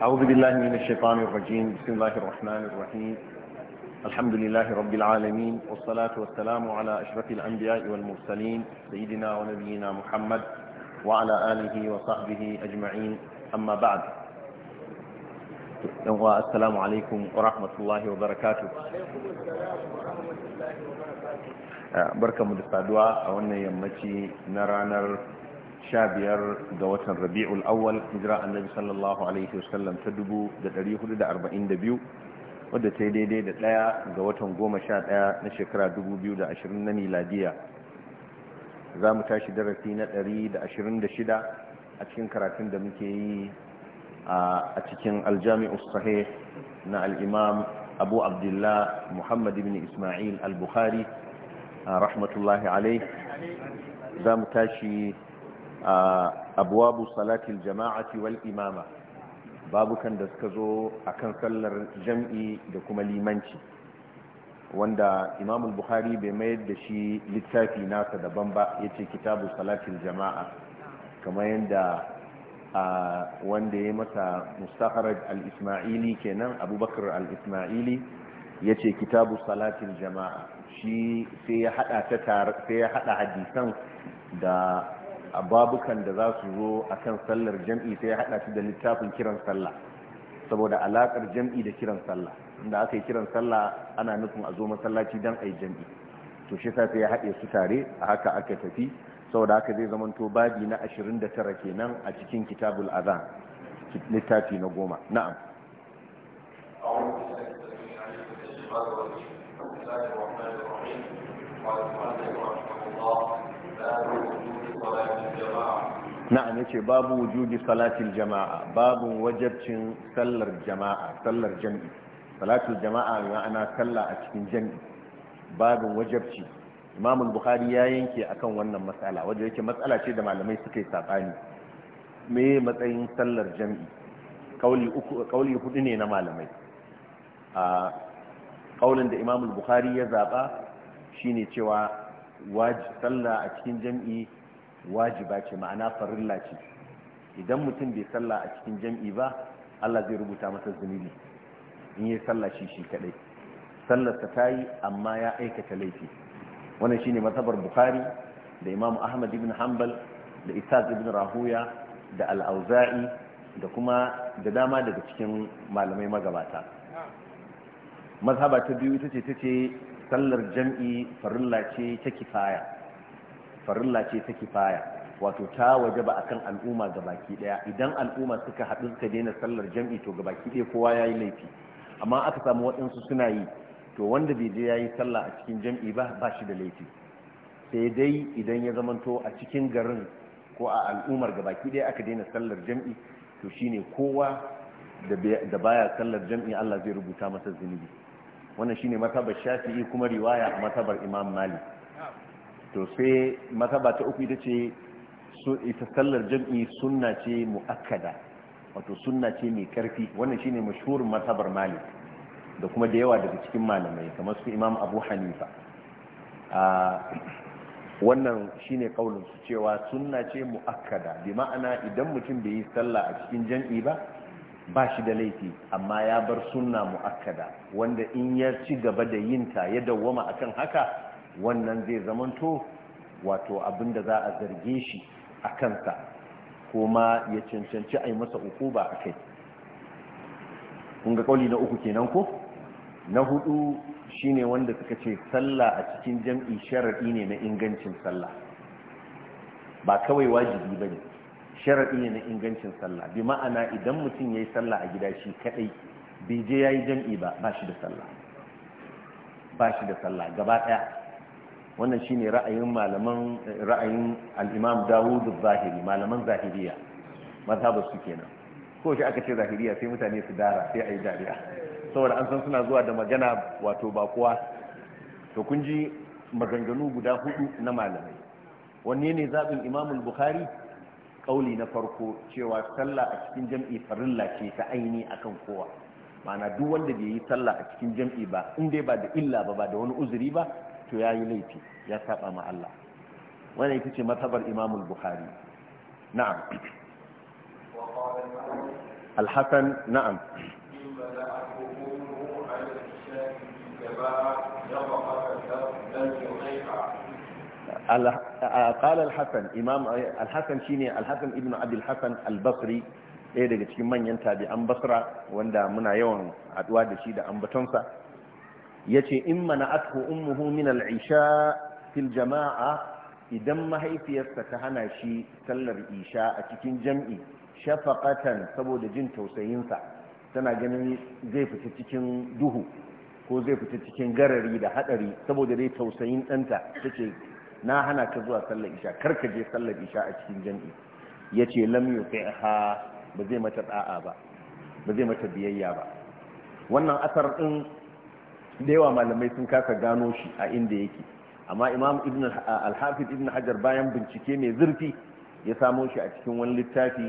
أعوذ بالله من الشيطان الرجيم بسم الله الرحمن الرحيم الحمد لله رب العالمين والصلاة والسلام على أشرف الأنبياء والمرسلين سيدنا ونبينا محمد وعلى آله وصحبه أجمعين أما بعد السلام عليكم ورحمة الله وبركاته وعليكم السلام ورحمة الله وبركاته بركة مدفع دعاء وأن يمتي 15 ga watan rabi'ul awwal hijira annabi sallallahu alaihi wasallam ta 1442 wadda ta yi daidai da ɗaya ga watan 11 na shekara 2020 na miladiya za mu tashi darasi na 126 a cikin karatun da muke yi a cikin aljami'u sahih na al'imam abu abdullah muhammad ibn ismail al-bukhari rahmatullahi alaihi za mu tashi abwabu salatil jamaa wal imama babukan da suka zo akan sallar jam'i da kuma limanci wanda imamul bukhari bai mayar da shi littafi nasa daban ba ya ce kitabu Salatin jama'a kamar yadda wanda ya masa mustaharaj al-ismaili kenan abubakar al-ismaili ya ce kitabu Salatin jama'a shi sai ya hada hadisan da a babukan da za su zo a kan sallar jam'i sai ya haɗa su da littafin kiran sallah saboda alaƙar jam'i da kiran sallah inda aka yi kiran sallah ana nufin a zo masallaci don a yi jam'i to shi sa sai ya haɗe su tare a haka aka tafi saboda haka zai zama to babi na 29 kenan a cikin kitabul azan littafi na goma na'am قال na'am yace babu wujudi salatil jama'a babu wajabcin sallar jama'a sallar jami'i salatul jama'a ma'ana sallah a cikin jami'i babu wajabci imam bukhari ya yanke akan wannan matsala wajen yake matsala ce da malamai suka yi sabani me matsayin sallar jami'i kauli uku kauli hudu ne na malamai a kaulin da imamul bukhari ya zaba shine cewa wajibi sallah a cikin jami'i wajiba ce ma'ana farilla ce idan mutum bai sallah a cikin jam'i ba Allah zai rubuta masa zunubi in yi sallah shi shi kadai sallarsa ta yi amma ya aikata laifi wannan shine mazhabar bukhari da imam ahmad ibn hanbal da isaac ibn rahuya da al-auza'i da kuma da dama daga cikin malamai magabata mazhaba ta biyu ita ce tace sallar jam'i farilla ce ta kifaya farilla ce ta kifaya wato ta wajaba akan al'umma gabaki daya idan al'umma suka haɗu suka daina sallar jam'i to gabaki daya kowa yayi laifi amma aka samu waɗansu suna yi to wanda bai je yayi sallah a cikin jam'i ba ba shi da laifi sai dai idan ya zamanto a cikin garin ko a al'ummar gabaki daya aka daina sallar jam'i to shine kowa da baya sallar jam'i Allah zai rubuta masa zunubi wannan shine matabar Shafi'i kuma riwaya a matabar Imam Malik to sai masaba ta uku ita ce ita sallar jam'i sunna ce mu'akkada wato sunna ce mai karfi wannan shine mashhurin masabar malik da kuma da yawa daga cikin malamai kamar su imam abu hanifa wannan shine kaulin su cewa sunna ce mu'akkada bi ma'ana idan mutum bai yi sallah a cikin jam'i ba ba shi da laifi amma ya bar sunna mu'akkada wanda in ya ci gaba da yinta ya dawwama akan haka wannan zai zamanto wato abinda za a zarge shi a kansa kuma ya cancanci a yi masa uku ba a kai ƙunga ƙauli na uku kenan ko na hudu shine wanda suka ce sallah a cikin jam'i sharaɗi ne na ingancin sallah ba kawai wajibi ba ne sharaɗi ne na ingancin sallah bi ma'ana idan mutum ya yi sallah a gida shi kaɗai bai je yi jam'i ba ba shi da sallah ba shi da sallah gaba ɗaya. wannan shine ra'ayin malaman ra'ayin al-imam Dawud zahiri malaman zahiriya mazhabar su kenan ko shi aka ce zahiriya sai mutane su dara sai ayi dariya saboda an san suna zuwa da magana wato ba kuwa to kun ji maganganu guda hudu na malamai wanne ne zaɓin imamul bukhari kauli na farko cewa sallah a cikin jam'i farilla ce ta aini akan kowa ma'ana duk wanda bai yi sallah a cikin jam'i ba in dai ba da illa ba ba da wani uzuri ba to ya yi laifi ya saba ma Allah wannan ita ce matsabar imamul bukhari na'am alhassan na'am قال الحسن امام الحسن شيني الحسن ابن عبد الحسن البصري ɗaya daga cikin manyan tabi'an basra wanda muna yawan haɗuwa da shi da ambatonsa yace in mana ummuhu min al-isha fil jama'a idan mahaifiyarsa ta hana shi sallar isha a cikin jam'i shafaqatan saboda jin tausayinsa tana ganin zai fita cikin duhu ko zai fita cikin garari da hadari saboda dai tausayin ɗanta tace na hana ka zuwa sallar isha kar ka je sallar isha a cikin jam'i yace lam yuqiha ba zai mata da'a ba ba zai mata biyayya ba wannan asar din da yawa malamai sun kasa gano shi a inda yake amma imam ibn al-hafiz ibn hajar bayan bincike mai zurfi ya samo shi a cikin wani littafi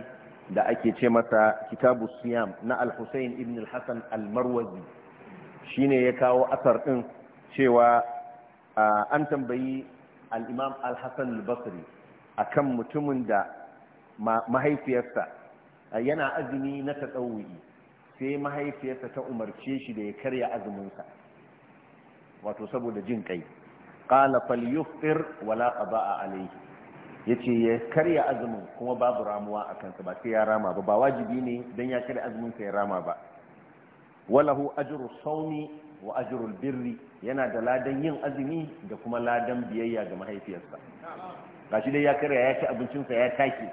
da ake ce masa kitabu siyam na al-husayn ibn al-hasan al-marwazi shine ya kawo asar din cewa an tambayi al-imam al-hasan al-basri akan mutumin da mahaifiyarsa yana azumi na tatsawuyi sai mahaifiyarsa ta umarce shi da ya karya azuminsa wato saboda jin kai qala yuftir wala qada'a alayhi yace ya karya azumin kuma babu ramuwa a kansa ba sai ya rama ba ba wajibi ne dan ya karya azumin sai ya rama ba walahu ajru sawmi wa ajru birri yana da ladan yin azumi da kuma ladan biyayya ga mahaifiyarsa gashi dai ya karya ya ci abincin sa ya take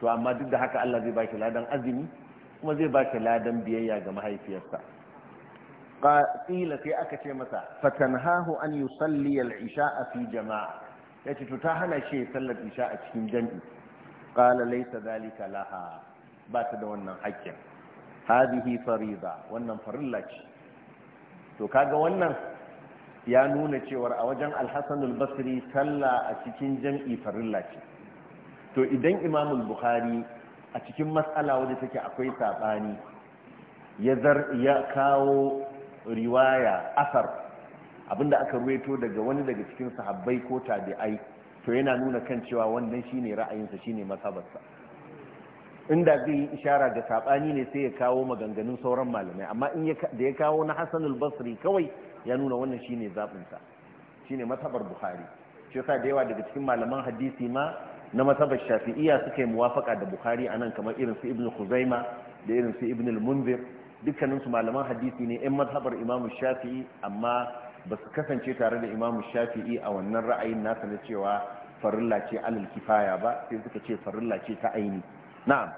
to amma duk da haka Allah zai baki ladan azumi kuma zai baki ladan biyayya ga mahaifiyarsa Ƙila sai aka ce masa hahu an yusalli isha a fi jama'a yace to ta hana shi sallar isha a cikin jami'i qala laysa zalika laha ba ta da wannan haƙƙin hadhihi fariza wannan farilla ce to kaga wannan ya nuna cewar a wajen al basri sallah a cikin jami'i farilla ce to idan imamul bukhari a cikin matsala wadda take akwai sabani ya kawo riwaya asar abinda aka ruweto daga wani daga cikin sahabbai ko tabi'ai to yana nuna kan cewa wannan shine ra'ayinsa shine masabarsa inda zai yi ishara ga sabani ne sai ya kawo maganganun sauran malamai amma in da ya kawo na Hassan al-Basri kawai ya nuna wannan shine zaɓinsa sa shine masabar Bukhari shi yasa da yawa daga cikin malaman hadisi ma na masabar Shafi'iyya suka yi muwafaka da Bukhari anan kamar irin su Ibn Khuzaima da irin su Ibn al-Munzir dukkaninsu malaman hadisi ne 'yan mazhabar imamu shafi'i amma ba su kasance tare da imamu shafi'i a wannan ra'ayin nasa na cewa farilla ce alal kifaya ba sai suka ce farilla ce ta aini na'am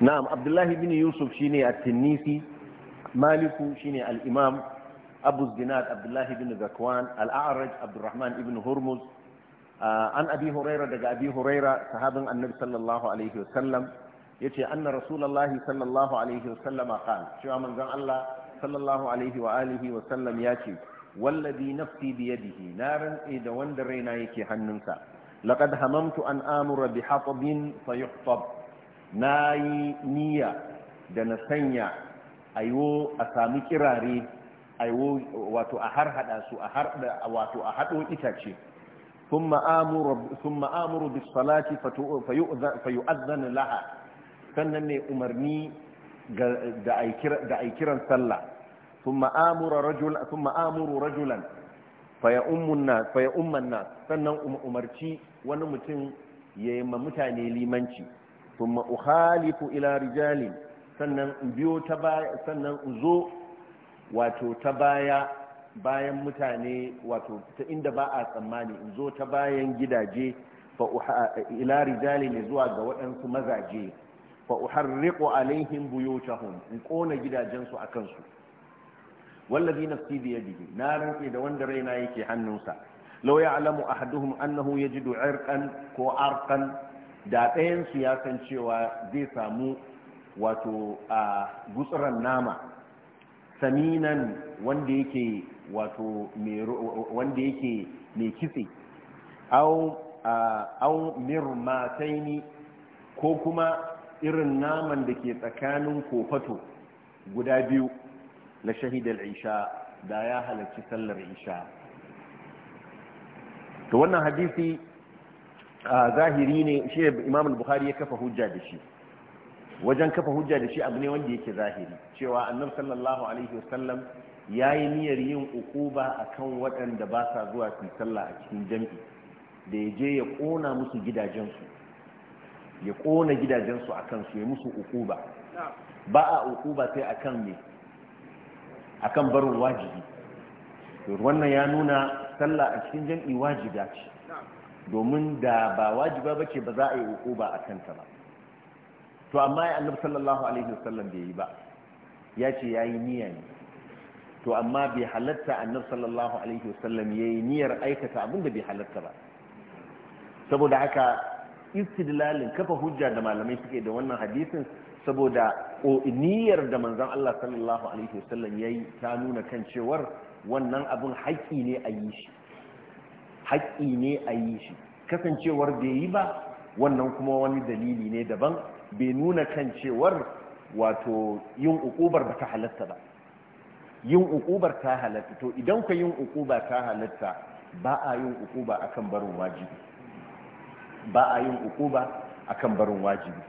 na'am abdullahi bin yusuf shine a tinisi maliku shine al-imam abu zinad abdullahi bin zakwan al-a'raj abdurrahman ibn hurmuz uh, an abi huraira daga abi huraira sahabin annabi sallallahu alaihi wasallam yace anna rasulullahi sallallahu alaihi wasallam qala cewa manzon Allah sallallahu alaihi wa alihi wasallam yace wallazi nafsi biyadihi na rantse da wanda raina yake hannunsa laqad hamamtu an amura bi hatabin fayuhtab na yi niyya da na sanya ayo a sami kirare ayo wato a har hada su a har da wato a hado itace ثم amuru bis salati بالصلاة فيؤذن لها sannan ne umarni da ai kiran sallah thumma amuru rajul thumma amuru rajulan faya'ummunna faya'ummanna sannan umarci wani mutum ya yi mutane limanci thumma ukhalifu ila rijalin sannan in biyo ta baya sannan wato ta baya bayan mutane wato ta inda ba a tsammani in zo ta bayan gidaje fa ila rijalin zuwa ga waɗansu mazaje fa uharriqu alaihim buyutahum in ƙona gidajensu a kansu wallazi nafsi bi yadihi na rantse da wanda raina yake hannunsa law ya'lamu ahaduhum annahu ji irqan ko arqan da ɗayansu ya san cewa zai samu wato a gutsuran nama saminan wanda yake wato wanda yake mai kitse au mirmataini ko kuma irin naman da ke tsakanin kofato guda biyu na shahidar isha da ya halarci sallar isha to wannan hadisi zahiri ne shi ne imam bukhari ya kafa hujja da shi wajen kafa hujja da shi abu ne wanda yake zahiri cewa annabi sallallahu alaihi wasallam ya yi niyyar yin ukuba akan waɗanda ba sa zuwa su sallah a cikin jam'i da ya je ya ƙona musu gidajensu ya ƙona gidajensu a kansu ya musu ukuba ba a ukuba sai akan ne akan barin wajibi wannan ya nuna sallah a cikin jam'i wajiba ce domin da ba wajiba ba ce ba za a yi ba a kanta ba to amma ya annabi sallallahu alaihi wasallam bai yi ba ya ce ya yi niyya ne to amma bai halatta annabi sallallahu alaihi wasallam ya yi niyyar aikata abin da bai halatta ba saboda haka istidlalin kafa hujja da malamai suke da wannan hadisin saboda niyyar da manzon Allah sallallahu alaihi wasallam ya yi ta nuna kan cewar wannan abun haƙi ne a yi shi haƙƙi ne a yi shi kasancewar bai yi ba wannan kuma wani dalili ne daban bai nuna kan cewar wato yin ukubar ba ta halatta ba yin ukubar ta halatta to idan ka yin ukuba ta halatta ba a yin ukuba akan barin wajibi ba a yin ukuba akan barin wajibi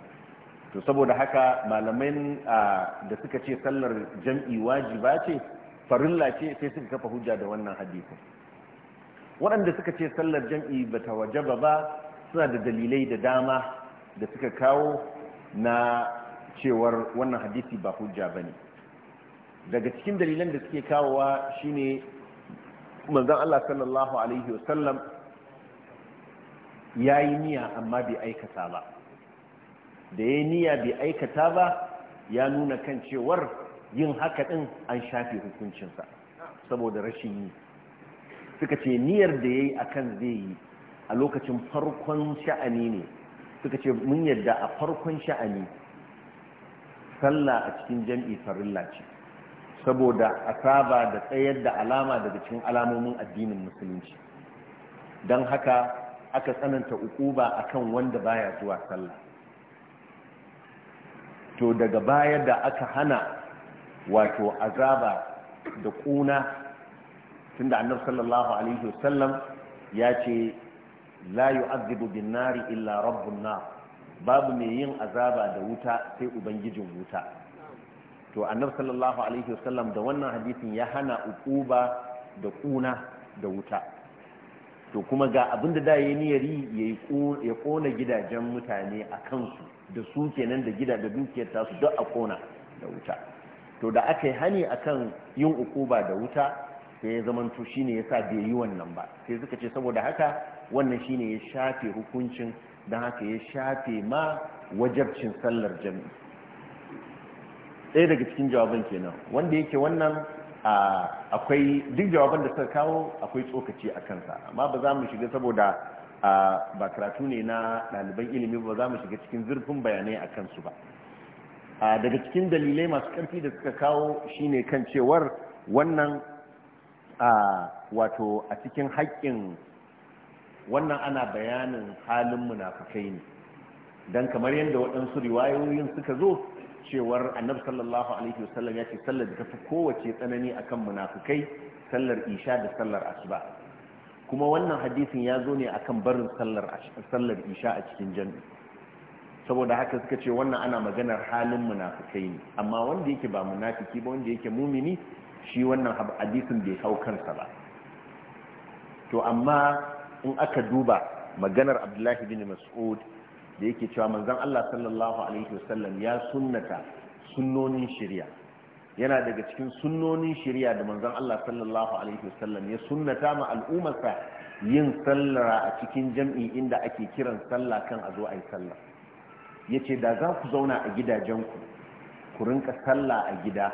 to saboda haka malamai da suka ce sallar jam'i wajiba ce farilla ce sai suka kafa hujja da wannan hadisin waɗanda suka ce sallar jam'i ba ta wajaba ba suna da dalilai da dama da suka kawo na cewar wannan hadisi ba hujja ba ne daga cikin dalilan da suke kawowa shine manzon Allah sallallahu alaihi wasallam ya yi niya amma bai aikata ba da ya yi niyya bai aikata ba ya nuna kan cewar yin haka ɗin an shafe hukuncinsa saboda rashin yi suka ce niyyar da ya yi a kan zai yi a lokacin farkon sha'ani ne suka ce mun yadda a farkon sha'ani sallah a cikin jam'i farilla ce saboda a saba da tsayar da alama daga cikin alamomin addinin musulunci don haka aka tsananta ukuba kan wanda baya zuwa sallah to daga baya da aka hana wato azaba da ƙuna. tunda annabi sallallahu alaihi wasallam ya ce la yu'adhibu bin illa rabbun na babu mai yin azaba da wuta sai ubangijin wuta to annabi sallallahu alaihi wasallam da wannan hadisin ya hana ukuba da kuna da wuta to kuma ga abinda da ya yayi yi ya kona gidajen mutane a kansu da su kenan da gida da dukiyar tasu duk a kona da wuta to da aka yi hani akan yin ukuba da wuta sai ya zamanto shine yasa bai yi wannan ba sai suka ce saboda haka wannan shine ya shafe hukuncin don haka ya shafe ma wajabcin sallar jami'i ɗaya daga cikin jawaban kenan wanda yake wannan akwai duk jawaban da suka kawo akwai tsokaci a kansa amma ba za mu shiga saboda ba karatu ne na ɗaliban ilimi ba za mu shiga cikin zurfin bayanai a kansu ba daga cikin dalilai masu ƙarfi da suka kawo shine kan cewar wannan a wato a cikin haƙƙin wannan ana bayanin halin munafukai ne don kamar yadda waɗansu riwayoyin suka zo cewar annabi sallallahu alaihi wasallam ya ce sallar da tafi kowace tsanani akan munafukai sallar isha da sallar asuba kuma wannan hadisin ya zo ne akan barin sallar isha a cikin jami'i saboda haka suka ce wannan ana maganar halin munafukai ne amma wanda yake ba munafiki ba wanda yake mumini shi wannan hadisin bai hau kansa ba to amma in aka duba maganar abdullahi bin mas'ud da yake cewa manzon Allah sallallahu alaihi wasallam ya sunnata sunnonin shari'a yana daga cikin sunnonin shirya da manzon Allah sallallahu alaihi wasallam ya sunnata ma al'ummarsa yin sallara a cikin jam'i inda ake kiran sallah kan a zo a yi sallah yace da za ku zauna a gidajenku ku rinka sallah a gida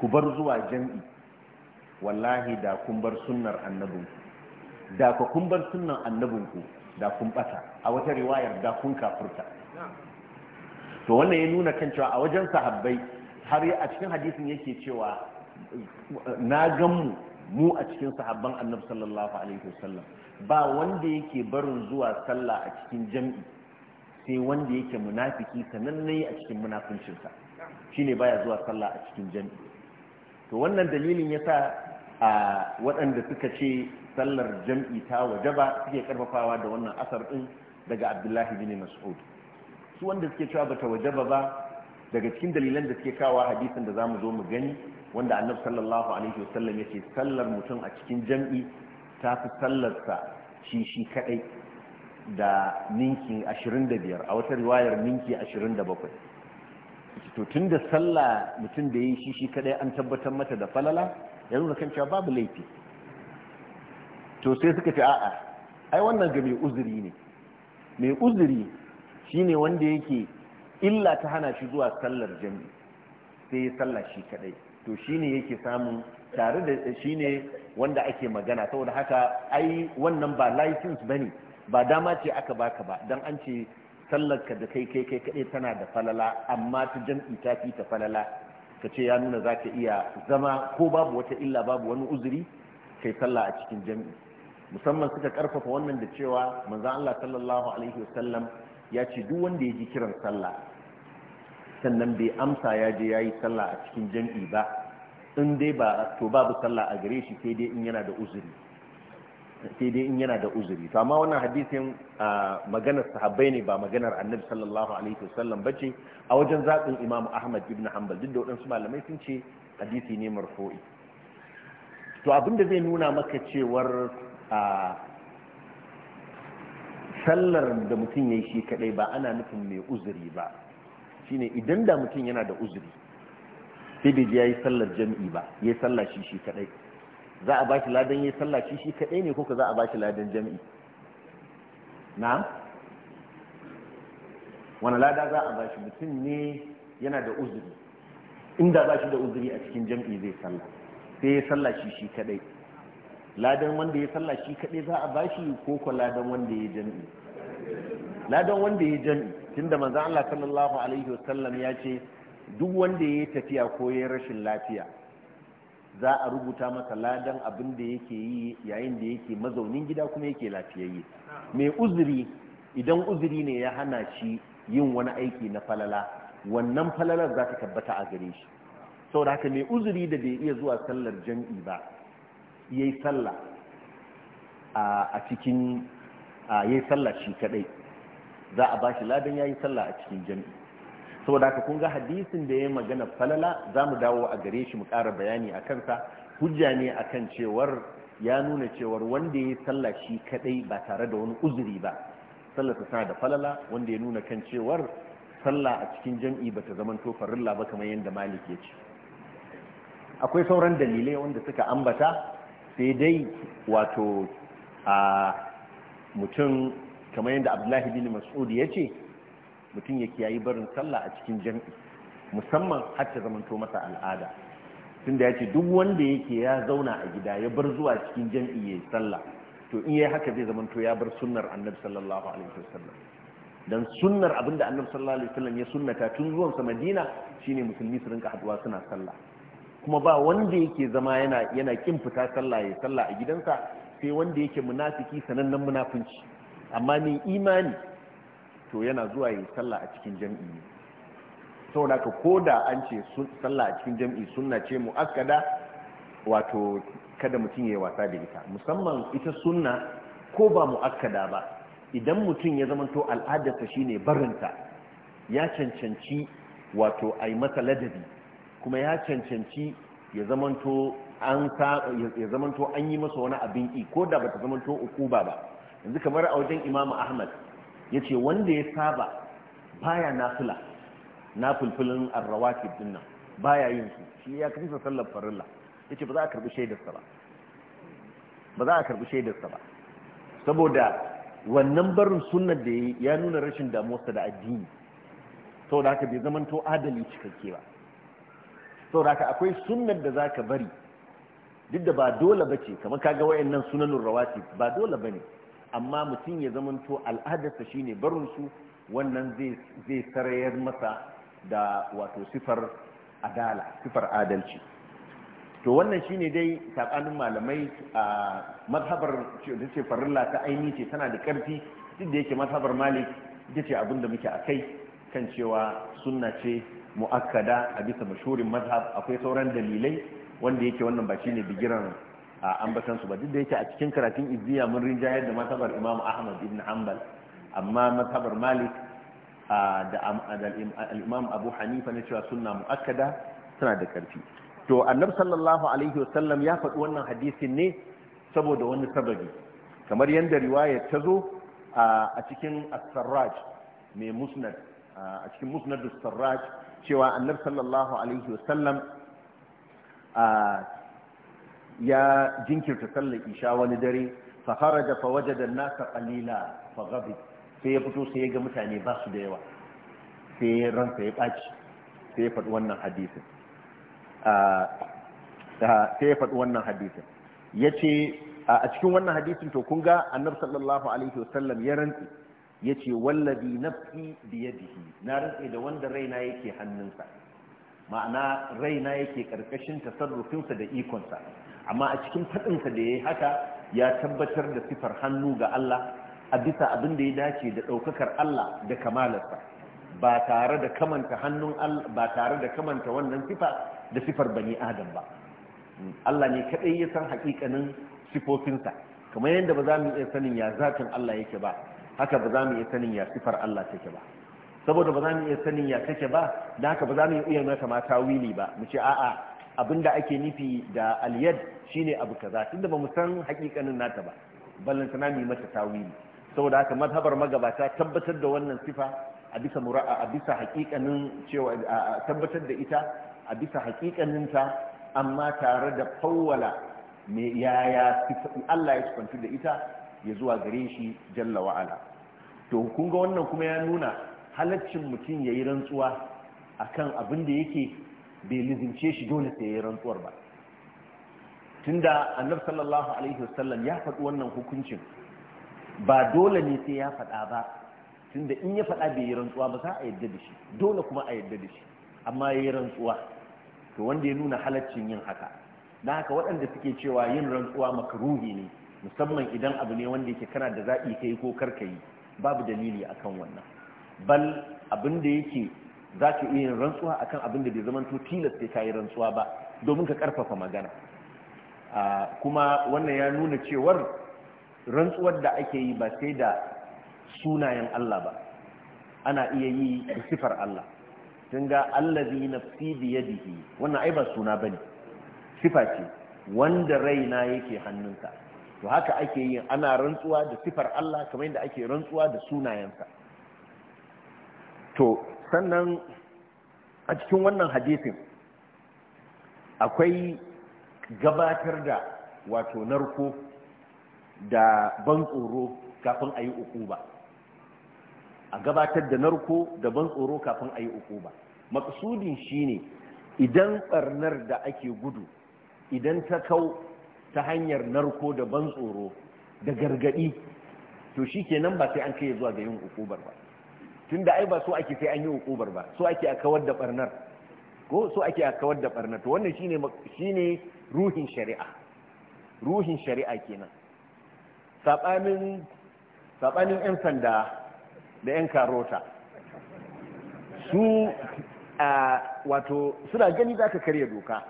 ku bar zuwa jam'i wallahi da kun bar sunnar annabinku da ku kun bar sunnar annabinku da kun bata a wata riwayar da kun kafurta to wannan ya nuna kan cewa a wajen sahabbai har a cikin hadisin yake cewa na gan mu a cikin sahabban annabi sallallahu alaihi wasallam ba wanda yake barin zuwa sallah a cikin jam'i sai wanda yake munafiki sananne a cikin munafincinsa shine baya zuwa sallah a cikin jam'i to wannan dalilin ya sa a waɗanda suka ce sallar jam'i ta wajaba suke karfafawa da wannan asar ɗin daga Abdullahi bin Mas'ud su wanda suke cewa bata wajaba ba daga cikin dalilan da suke kawo hadisin da zamu zo mu gani wanda Annabi sallallahu alaihi wasallam yace sallar mutum a cikin jam'i ta fi sallarsa shi shi kaɗai da ninki 25 a wata riwayar ninki 27 to tun da sallah mutum da ya yi shi shi kadai an tabbatar mata da falala ya nuna kan cewa babu laifi to sai suka ce a'a ai wannan ga mai uzuri ne mai uzuri shine wanda yake illa ta hana shi zuwa sallar jami sai ya sallah shi kadai to shine yake samun tare da shine wanda ake magana saboda haka ai wannan ba license bane ba dama ce aka baka ba dan an ce sallarka da kai kai kai kaɗai tana da falala amma ta jam'i ta fi ta falala ka ce ya nuna za ka iya zama ko babu wata illa babu wani uzuri kai sallah a cikin jam'i musamman suka karfafa wannan da cewa manzan Allah sallallahu alaihi wasallam ya ce duk wanda ya ji kiran sallah sannan bai amsa ya je ya yi sallah a cikin jam'i ba in dai ba to babu sallah a gare shi sai dai in yana da uzuri sai dai in yana da uzuri to amma wannan hadisin maganar sahabbai ne ba maganar annabi sallallahu alaihi wasallam bace a wajen zaɓin imamu ahmad ibn hanbal duk da waɗansu malamai sun ce hadisi ne marfo'i to abin da zai nuna maka cewar a sallar da mutum ya yi shi kadai ba ana nufin mai uzuri ba shine idan da mutum yana da uzuri sai bai ya yi sallar jam'i ba ya yi sallar shi shi kadai za a bashi ladan yi sallah shi shi kadai ne ko ka za a bashi ladan jami'i na wani lada za a bashi mutum ne yana da uzuri inda ba shi da uzuri a cikin jam'i zai sallah sai ya sallah shi shi kadai ladan wanda ya sallah shi kadai za a bashi ko ko ladan wanda ya jam'i ladan wanda ya jam'i tunda manzan Allah sallallahu alaihi wasallam ya ce duk wanda ya tafiya ko ya rashin lafiya za a rubuta masa ladan abin da yake yi yayin da yake mazaunin gida kuma yake lafiyayye mai uzuri idan uzuri ne ya hana shi yin wani aiki na falala wannan falalar za ta tabbata a gare shi saboda haka mai uzuri da bai iya zuwa sallar jam'i ba yayi sallah a cikin yayi sallah shi kadai za a bashi ladan yayi sallah a cikin jam'i saboda haka kun ga hadisin da ya yi magana falala za mu dawo a gare shi mu kara bayani a kansa hujja ne a kan cewar ya nuna cewar wanda ya sallah shi kadai ba tare da wani uzuri ba sallah ta sana da falala wanda ya nuna kan cewar sallah a cikin jam'i ba ta zama to farilla ba kamar yadda malik ya ce akwai sauran dalilai wanda suka ambata sai dai wato a mutum kamar yadda abdullahi bin mas'ud ya ce mutum ya kiyayi barin sallah a cikin jam'i musamman har ta zamanto masa al'ada tunda ya ce duk wanda yake ya zauna a gida ya bar zuwa cikin jam'i ya yi sallah to in yayi haka zai zamanto ya bar sunnar annabi sallallahu alaihi wasallam dan sunnar abinda annabi sallallahu alaihi wasallam ya sunnata tun zuwan sa Madina shine musulmi su rinka haduwa suna sallah kuma ba wanda yake zama yana yana kin fita sallah ya sallah a gidansa sai wanda yake munafiki sanannen munafunci amma mai imani to yana zuwa yi sallah a cikin jam'i ne saboda ka koda an ce sallah a cikin jam'i sunna ce mu akada wato kada mutum ya yi wasa da ita musamman ita sunna ko ba mu muakkada ba idan mutum ya zamanto al'adarsa shine barinta ya cancanci wato a yi masa ladabi kuma ya cancanci ya zamanto an ya zamanto an yi masa wani abin i ko da bata zamanto ukuba ba yanzu kamar a wajen imamu ahmad ya ce wanda ya saba baya nafila na fulfulin arrawatib din baya yin su shi ya kasa sallar farilla ya ce ba za a karbi shaidarsa ba ba za a karbi shaidarsa ba saboda wannan barin sunnar da ya nuna rashin damuwarsa da addini saboda haka bai to adali cikakke ba saboda haka akwai sunnar da zaka bari duk da ba dole bace kamar kaga wayannan sunanun rawatib ba dole bane amma mutum ya zamanto al'adarsa shine barinsu wannan zai sarayar masa da wato sifar adala sifar adalci to wannan shine dai sakanin malamai a mazhabar da ce farilla ta aini ce tana da karfi duk da yake mazhabar malik ita ce abin muke a kai kan cewa sunna ce mu'akkada a bisa mashurin mazhab akwai sauran dalilai wanda yake wannan ba shine bigiran a ambatan su ba duk da yake a cikin karatun izziya mun rinjayar da matabar imam ahmad ibn hanbal amma matabar malik da al-imam abu hanifa na cewa sunna muakkada suna da karfi to annab sallallahu alaihi wasallam ya faɗi wannan hadisin ne saboda wani sababi kamar yadda riwaya ta zo a cikin as-sarraj mai musnad a cikin musnad as-sarraj cewa annab sallallahu alaihi wasallam ya jinkirta sallar isha wani dare fa kharaja fa da an-nasa qalila fa ghadib sai ya fito sai ya ga mutane ba su da yawa sai ransa ya baci sai ya faɗi wannan hadisin sai ya faɗi wannan hadisin yace a cikin wannan hadisin to kun ga annabi sallallahu alaihi wasallam ya rantsi yace wallazi nafsi biyadihi na rantsi da wanda raina yake hannunsa ma'ana raina yake karkashin tasarrufinsa da ikonsa amma a cikin faɗinsa da ya yi haka ya tabbatar da sifar hannu ga Allah a bisa abin da ya dace da ɗaukakar Allah da kamalarsa ba tare da kamanta hannun Allah ba tare da kamanta wannan sifa da sifar bani adam ba Allah ne kaɗai ya san haƙiƙanin sifofinsa kamar yadda ba za mu iya sanin ya zatin Allah yake ba haka ba za mu iya sanin ya sifar Allah take ba saboda ba za mu iya sanin ya take ba da haka ba za mu iya mata ma tawili ba mu ce a'a abinda ake nufi da aliyad shine abu kaza tunda ba mu san hakikanin nata ba ballan tana mai mata tawili saboda haka mazhabar magabata tabbatar da wannan sifa a bisa mura'a a bisa hakikanin cewa tabbatar da ita a bisa hakikanin ta amma tare da fawwala me yaya Allah ya tsanta da ita ya zuwa gare shi jalla wa'ala to kun ga wannan kuma ya nuna halaccin mutum yayi rantsuwa akan abin da yake bai lizince shi dole sai ya yi rantsuwar ba tunda annabi sallallahu alaihi wasallam ya faɗi wannan hukuncin ba dole ne sai ya faɗa ba tunda in ya faɗa bai yi rantsuwa ba za a yadda da shi dole kuma a yadda da shi amma ya yi rantsuwa to wanda ya nuna halaccin yin haka don haka waɗanda suke cewa yin rantsuwa makaruhi ne musamman idan abu ne wanda yake kana da zaɓi kai ko karka yi babu dalili akan wannan bal abin da yake za ka iya yin rantsuwa akan abin da bai zama tilas ka yi rantsuwa ba domin ka karfafa magana kuma wannan ya nuna cewar rantsuwar da ake yi ba sai da sunayen Allah ba ana iya yi da sifar Allah tun ga allazi nafsi biyadihi wannan ai ba suna bane sifa ce wanda rai raina yake hannunsa to haka ake yi ana rantsuwa da sifar Allah kamar yadda ake rantsuwa da sunayensa to sannan a cikin wannan hadisin akwai gabatar da wato narko da ban tsoro kafin a yi ukuba a gabatar da narko da ban tsoro kafin a yi ukuba maksudin shine idan barnar da ake gudu idan ta kau ta hanyar narko da ban tsoro da gargadi to shi kenan ba sai an kai zuwa ga yin ukubar ba Tun da ai ba so ake sai an yi hukubar ba so ake a kawar da barnar ko so ake a kawar da barnar to wannan shine shine ruhin shari'a ruhin shari'a kenan sabanin sabanin yan sanda da yan karota su a wato suna gani zaka karya doka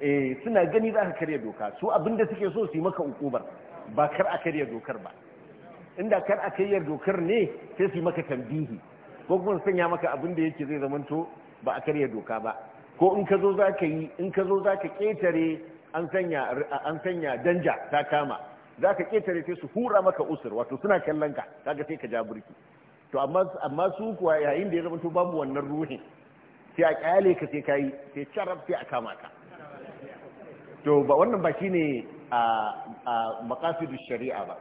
eh suna gani zaka karya doka su abinda suke so su yi maka hukubar ba kar a karya dokar ba inda kar a kayyar dokar ne sai su maka tambihi ko kuma sanya maka abin da yake zai zamanto ba a karya doka ba ko in ka zo za ka yi in ka zo za ka ƙetare an sanya danja ta kama za ka ƙetare sai su hura maka usur wato suna kallon ka kaga sai ka ja burki to amma su kuwa yayin da ya to babu wannan ruhin sai a kyale ka sai ka sai carab sai a kama ka to ba wannan ba ne a maqasidu shari'a ba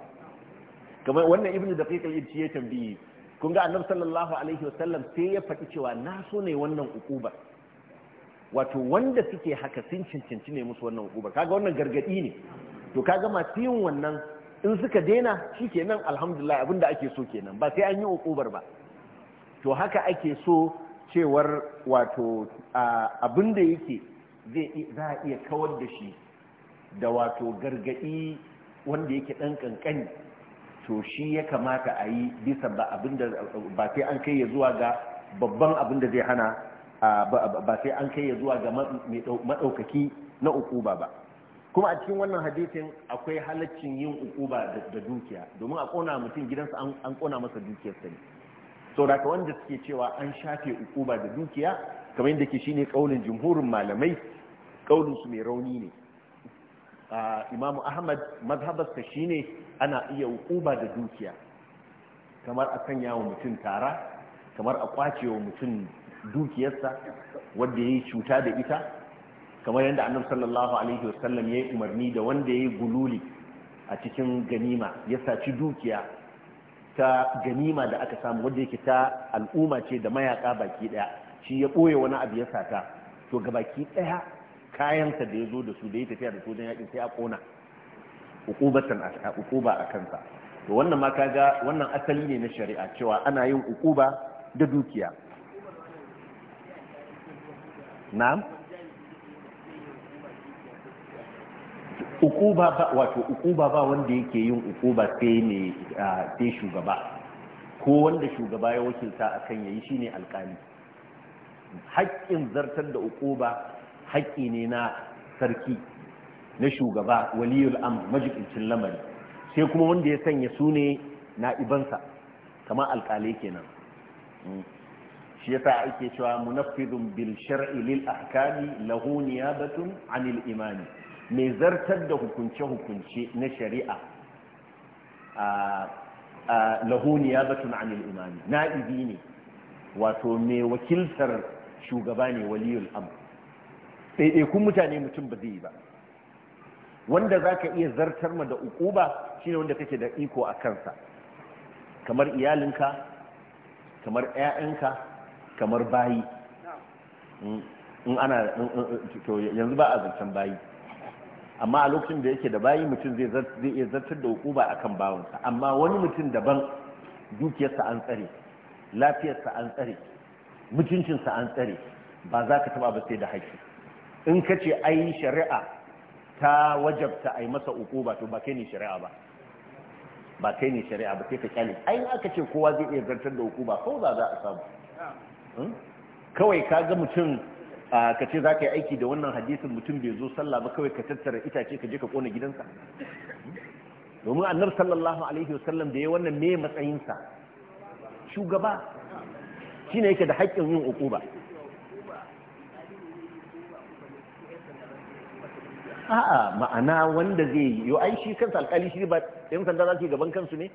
kamar wannan ibnu daqiq al-ibti ya tambayi kun ga annabi sallallahu alaihi wasallam sai ya faɗi cewa na so ne wannan ukuba wato wanda suke haka sun cincinci ne musu wannan ukuba kaga wannan gargadi ne to kaga masu yin wannan in suka daina shikenan alhamdulillah abinda ake so kenan ba sai an yi ukubar ba to haka ake so cewar wato abinda yake zai za a iya kawar da shi da wato gargadi wanda yake dan kankani to shi ya kamata a yi bisa ba da ba sai an kai ya zuwa ga babban abin da zai hana ba sai an kai ya zuwa ga maɗaukaki na ukuba ba kuma a cikin wannan hadisin akwai halaccin yin ukuba da dukiya domin a kona mutum gidansa an kona masa dukiyarsa ne saboda ka wanda suke cewa an shafe ukuba da dukiya kamar yadda ke shine kaulin jumhurin malamai kaulin su mai rauni ne imamu ahmad mazhabarsa shine ana iya hukuma da dukiya kamar a sanya wa mutum tara kamar a kwace wa mutum dukiyarsa wanda ya yi cuta da ita kamar yadda annab sallallahu alaihi wasallam ya yi umarni da wanda ya yi gululi a cikin ganima ya saci dukiya ta ganima da aka samu wanda yake ta al'umma ce da mayaka baki daya shi ya boye wani abu ya sata to ga baki daya kayansa da ya zo da su da ya tafiya da su don yakin sai a ƙona. uqubatan a kansa to wannan ma kaga wannan asali ne na shari'a cewa ana yin uquba da dukiya na'am ba wato uquba ba wanda yake yin uquba sai ne sai shugaba ko wanda shugaba ya wakilta akan yayi shine alƙali haƙƙin zartar da uquba haƙƙi ne na sarki na shugaba waliyul amr majibincin lamari sai kuma wanda ya sanya su ne na'ibansa kama alkalai kenan hmm. shi yasa ake cewa munaffidun bil shar'i lil ahkami lahu niyabatun anil imani mai zartar da hukunce hukunce na shari'a a lahu niyabatun anil imani na'ibi ne wato mai wakiltar shugaba ne waliyul amr ɗaiɗaikun mutane mutum ba zai yi ba wanda za ka iya zartar ma da ukuba shine wanda kake da iko a kansa kamar iyalinka kamar 'ya'yanka kamar bayi in ana yanzu ba a zancen bayi amma a lokacin da yake da bayi mutum zai iya zartar da ukuba a kan bawansa amma wani mutum daban dukiyarsa an tsare lafiyarsa an tsare mutuncinsa an tsare ba za ka taba ba sai da haƙƙi in ka ce ai shari'a ta wajabta a yi masa ukuba ba to ba kai ne shari'a ba ba kai ne shari'a ba sai ka kyale ai aka ce kowa zai iya zartar da uku ko ba za a samu hmm? kawai ka ga mutum ka ce za ka yi aiki da wannan hadisin mutum bai zo sallah ba kawai ka tattara itace ka je ka kona gidansa domin annabi sallallahu alaihi wasallam da ya wannan me matsayinsa shugaba shine yake da haƙƙin yin uku a'a ma'ana wanda zai yi yau ai shi kansa alkali shi ba yan sanda za su gaban kansu ne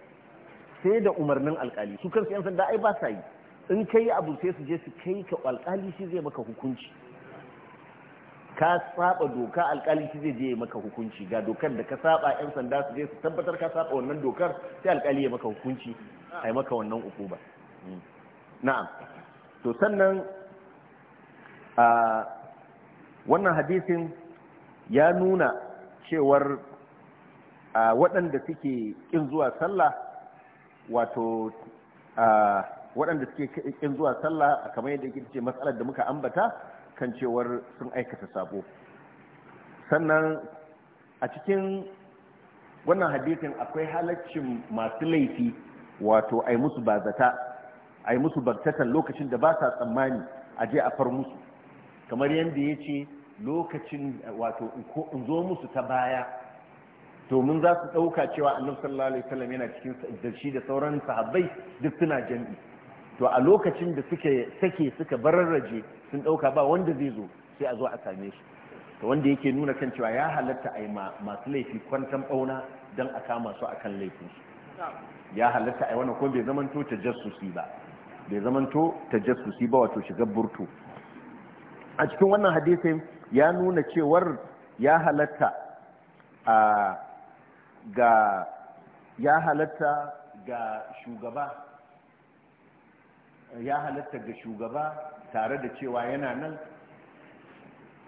sai da umarnin alkali su kansu yan sanda ai ba sa yi in ka yi abu sai su je su kai ka alkali shi zai maka hukunci ka saba doka alkali shi zai je maka hukunci ga dokar da ka saba yan sanda su je su tabbatar ka saba wannan dokar sai alkali ya maka hukunci yi maka wannan ukuba hmm. na'am to sannan a wannan hadisin ya nuna cewar a waɗanda suke ƙin zuwa sallah wato a waɗanda suke ƙin zuwa sallah kamar yadda yake ce matsalar da muka ambata kan cewar sun aikata sabo sannan a cikin wannan hadisin akwai halaccin masu laifi wato ai musu bazata ai musu bagtatan lokacin da ba sa tsammani a je a far musu kamar yadda ya ce lokacin wato in zo musu ta baya domin za su ɗauka cewa annabi sallallahu alaihi wasallam yana cikin shi da sauran sahabbai duk suna jam'i to a lokacin da suke sake suka bararraje sun ɗauka ba wanda zai zo sai a zo a same shi to wanda yake nuna kan cewa ya halatta a yi masu laifi kwantan ɓauna don a kama su akan laifin su ya halatta a yi wannan ko bai zamanto tajassusi ba bai zamanto tajassusi ba wato shiga burto. a cikin wannan hadisin ya nuna cewar ya halatta ga ya halatta ga shugaba ya halatta ga shugaba tare da cewa yana nan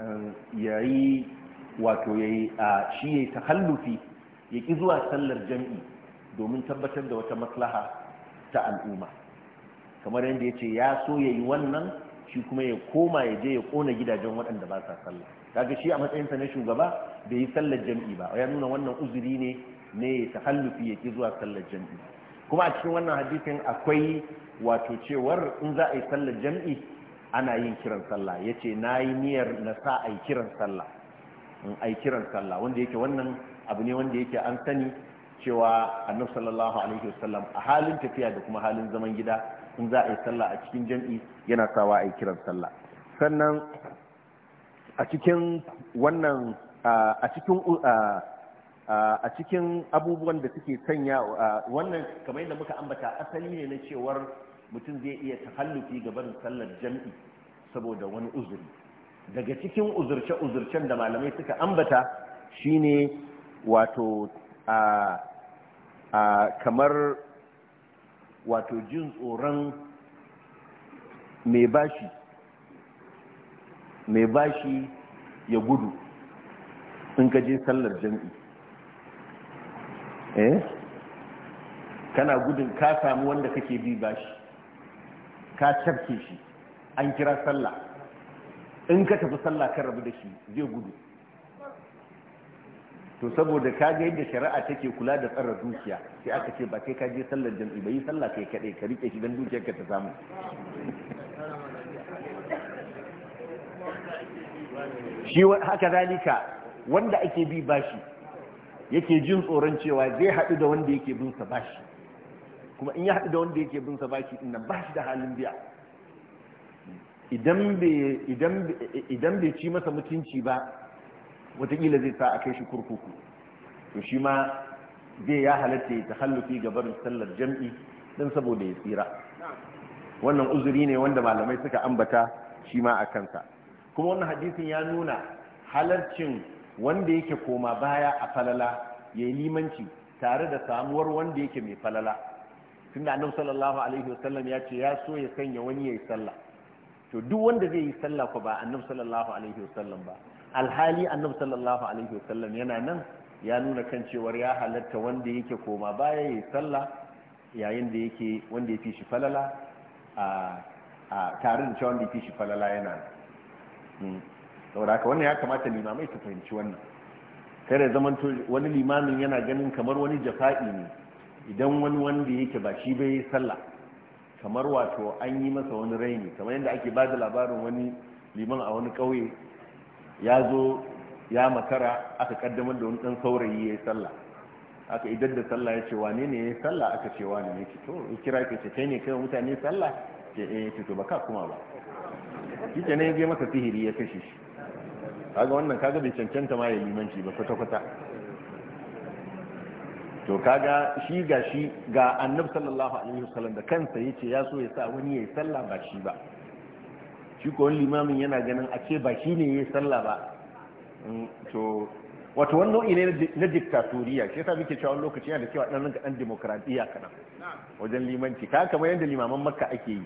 eh, yayi wato yayi a shi ya ta tahallufi ya ki zuwa sallar jam'i, domin tabbatar da wata maslaha ta al'umma kamar yadda ya ce ya so ya yi wannan shi kuma ya koma ya je ya kona gidajen waɗanda ba sa sallah kaga shi a matsayinsa na shugaba bai yi sallar jam'i ba ya nuna wannan uzuri ne ne ya hallufi ya ki zuwa sallar jam'i kuma a cikin wannan hadisin akwai wato cewar in za a yi sallar jam'i ana yin kiran sallah ya ce na yi niyyar na sa a yi kiran sallah a yi kiran sallah wanda yake wannan abu ne wanda yake an sani cewa annabi sallallahu alaihi wasallam a halin tafiya da kuma halin zaman gida in za a yi sallah a cikin jam'i yana sawa a yi kiran sallah sannan a cikin wannan a cikin a cikin abubuwan da suke sanya wannan kamar yadda muka ambata asali ne na cewar mutum zai iya tahallufi ga barin sallar jam'i saboda wani uzuri daga cikin uzurce-uzurcen da malamai suka ambata shine wato a kamar wato jin tsoron mai bashi mai bashi ya gudu in ka je sallar jam'i eh kana gudun ka samu wanda kake bi bashi ka tabke shi an kira sallah in ka tafi sallah kan rabu da shi zai gudu to saboda ka ga yadda shari'a take kula da tsara dukiya sai aka ce ba kai ka je sallar jam'i ba yi sallah kai kaɗai ka rike shi don dukiyar ka ta samu shi haka zalika wanda ake bi bashi yake jin tsoron cewa zai haɗu da wanda yake bin sa bashi kuma in ya haɗu da wanda yake bin sa bashi ina bashi da halin biya idan bai ci masa mutunci ba Wataƙila zai sa a kai shi kurkuku to shi ma zai ya halatta ya tahallufi ga barin sallar jam'i don saboda ya tsira wannan uzuri ne wanda malamai suka ambata shi ma a kansa kuma wannan hadisin ya nuna halarcin wanda yake koma baya a falala ya yi limanci tare da samuwar wanda yake mai falala tun da annabi sallallahu alaihi wasallam ya ce ya so ya sanya wani ya yi sallah to duk wanda zai yi sallah ko ba annabi sallallahu alaihi wasallam ba alhali annabi sallallahu alaihi wasallam yana nan ya nuna kan cewar ya halatta wanda yake koma baya ya sallah yayin da yake wanda ya fi shi falala a tare da cewa wanda ya fi shi falala yana hmm. saboda haka wannan ya kamata limamai su fahimci wannan kada zamanto wani limamin yana ganin kamar wani jafa'i ne idan wani wanda yake ba shi bai sallah kamar wato an yi masa wani raini kamar yadda ake ba da labarin wani liman a wani ƙauye ya zo ya makara aka kaddamar da wani dan saurayi ya yi sallah aka idan da sallah ya ce wane ne ya yi sallah aka ce wane ne ce to in kira ke ce kai ne kai mutane sallah ke eh ce to baka kuma ba shi ke ne ya je masa sihiri ya kashe shi kaga wannan kaga bai cancanta ma ya limanci ba kwata kwata to kaga shi ga shi ga annabi sallallahu alaihi wasallam da kansa yace ya so ya sa wani ya yi sallah ba shi ba shi ko wani limamin yana ganin a ce ba shi ne ya yi sallah ba mm, to wato wani nau'i ne na diktatoriya shi yasa muke cewa lokaci yana da cewa ɗan ranka dan demokradiya kana wajen limanci ka kamar yadda limaman makka ake yi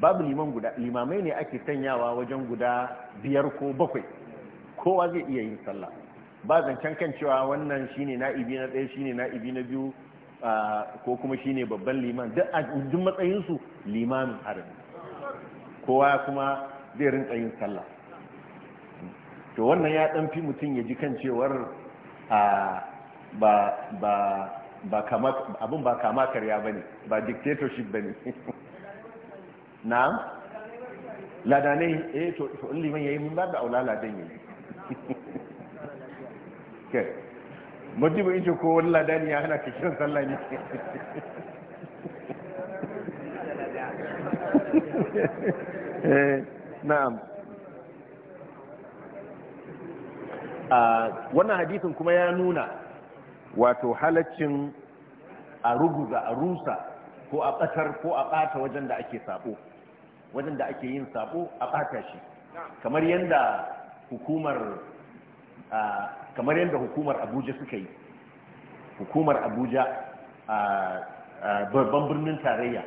babu liman guda limamai ne ake sanyawa wajen guda biyar ko bakwai kowa zai iya yin sallah ba zancen kan cewa wannan shine na'ibi na ɗaya shine na'ibi na biyu ah, ko kuma shine babban liman duk a matsayin su limamin harin. kowa kuma zai rinka yin sallah to wannan ya dan fi mutum ya ji kan cewar a ba ba ba kama abin ba kama karya bane ba dictatorship bane na ladanai eh to in liman yayi min ba da aulala ladan yi mutum in ce ko wani ladani ya hana ka sallah ne Eh, na'am wannan hadisin kuma ya nuna wato halaccin a ruguza a rusa ko a ɓatar ko a ɓata wajen da ake sabo wajen da ake yin sabo a ɓata shi kamar yadda hukumar kamar yadda hukumar abuja suka yi hukumar abuja a babban birnin tarayya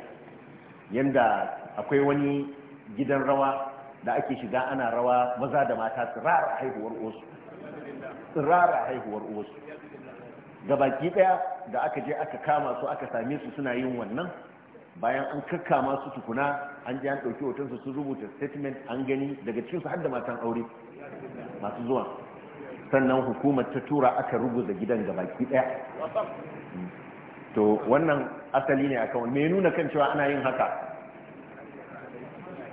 yadda akwai wani gidan rawa da ake shiga ana rawa maza da mata tsirara haihuwar osu tsirara haihuwar osu ga baki daya da aka je aka kama su aka same su suna yin wannan bayan an kakkama su tukuna an ji an ɗauki hotonsu sun rubuta statement an gani daga cikin su har da matan aure masu zuwa sannan hukumar ta tura aka rubuta gidan ga baki daya to wannan asali ne akan me nuna kan cewa ana yin haka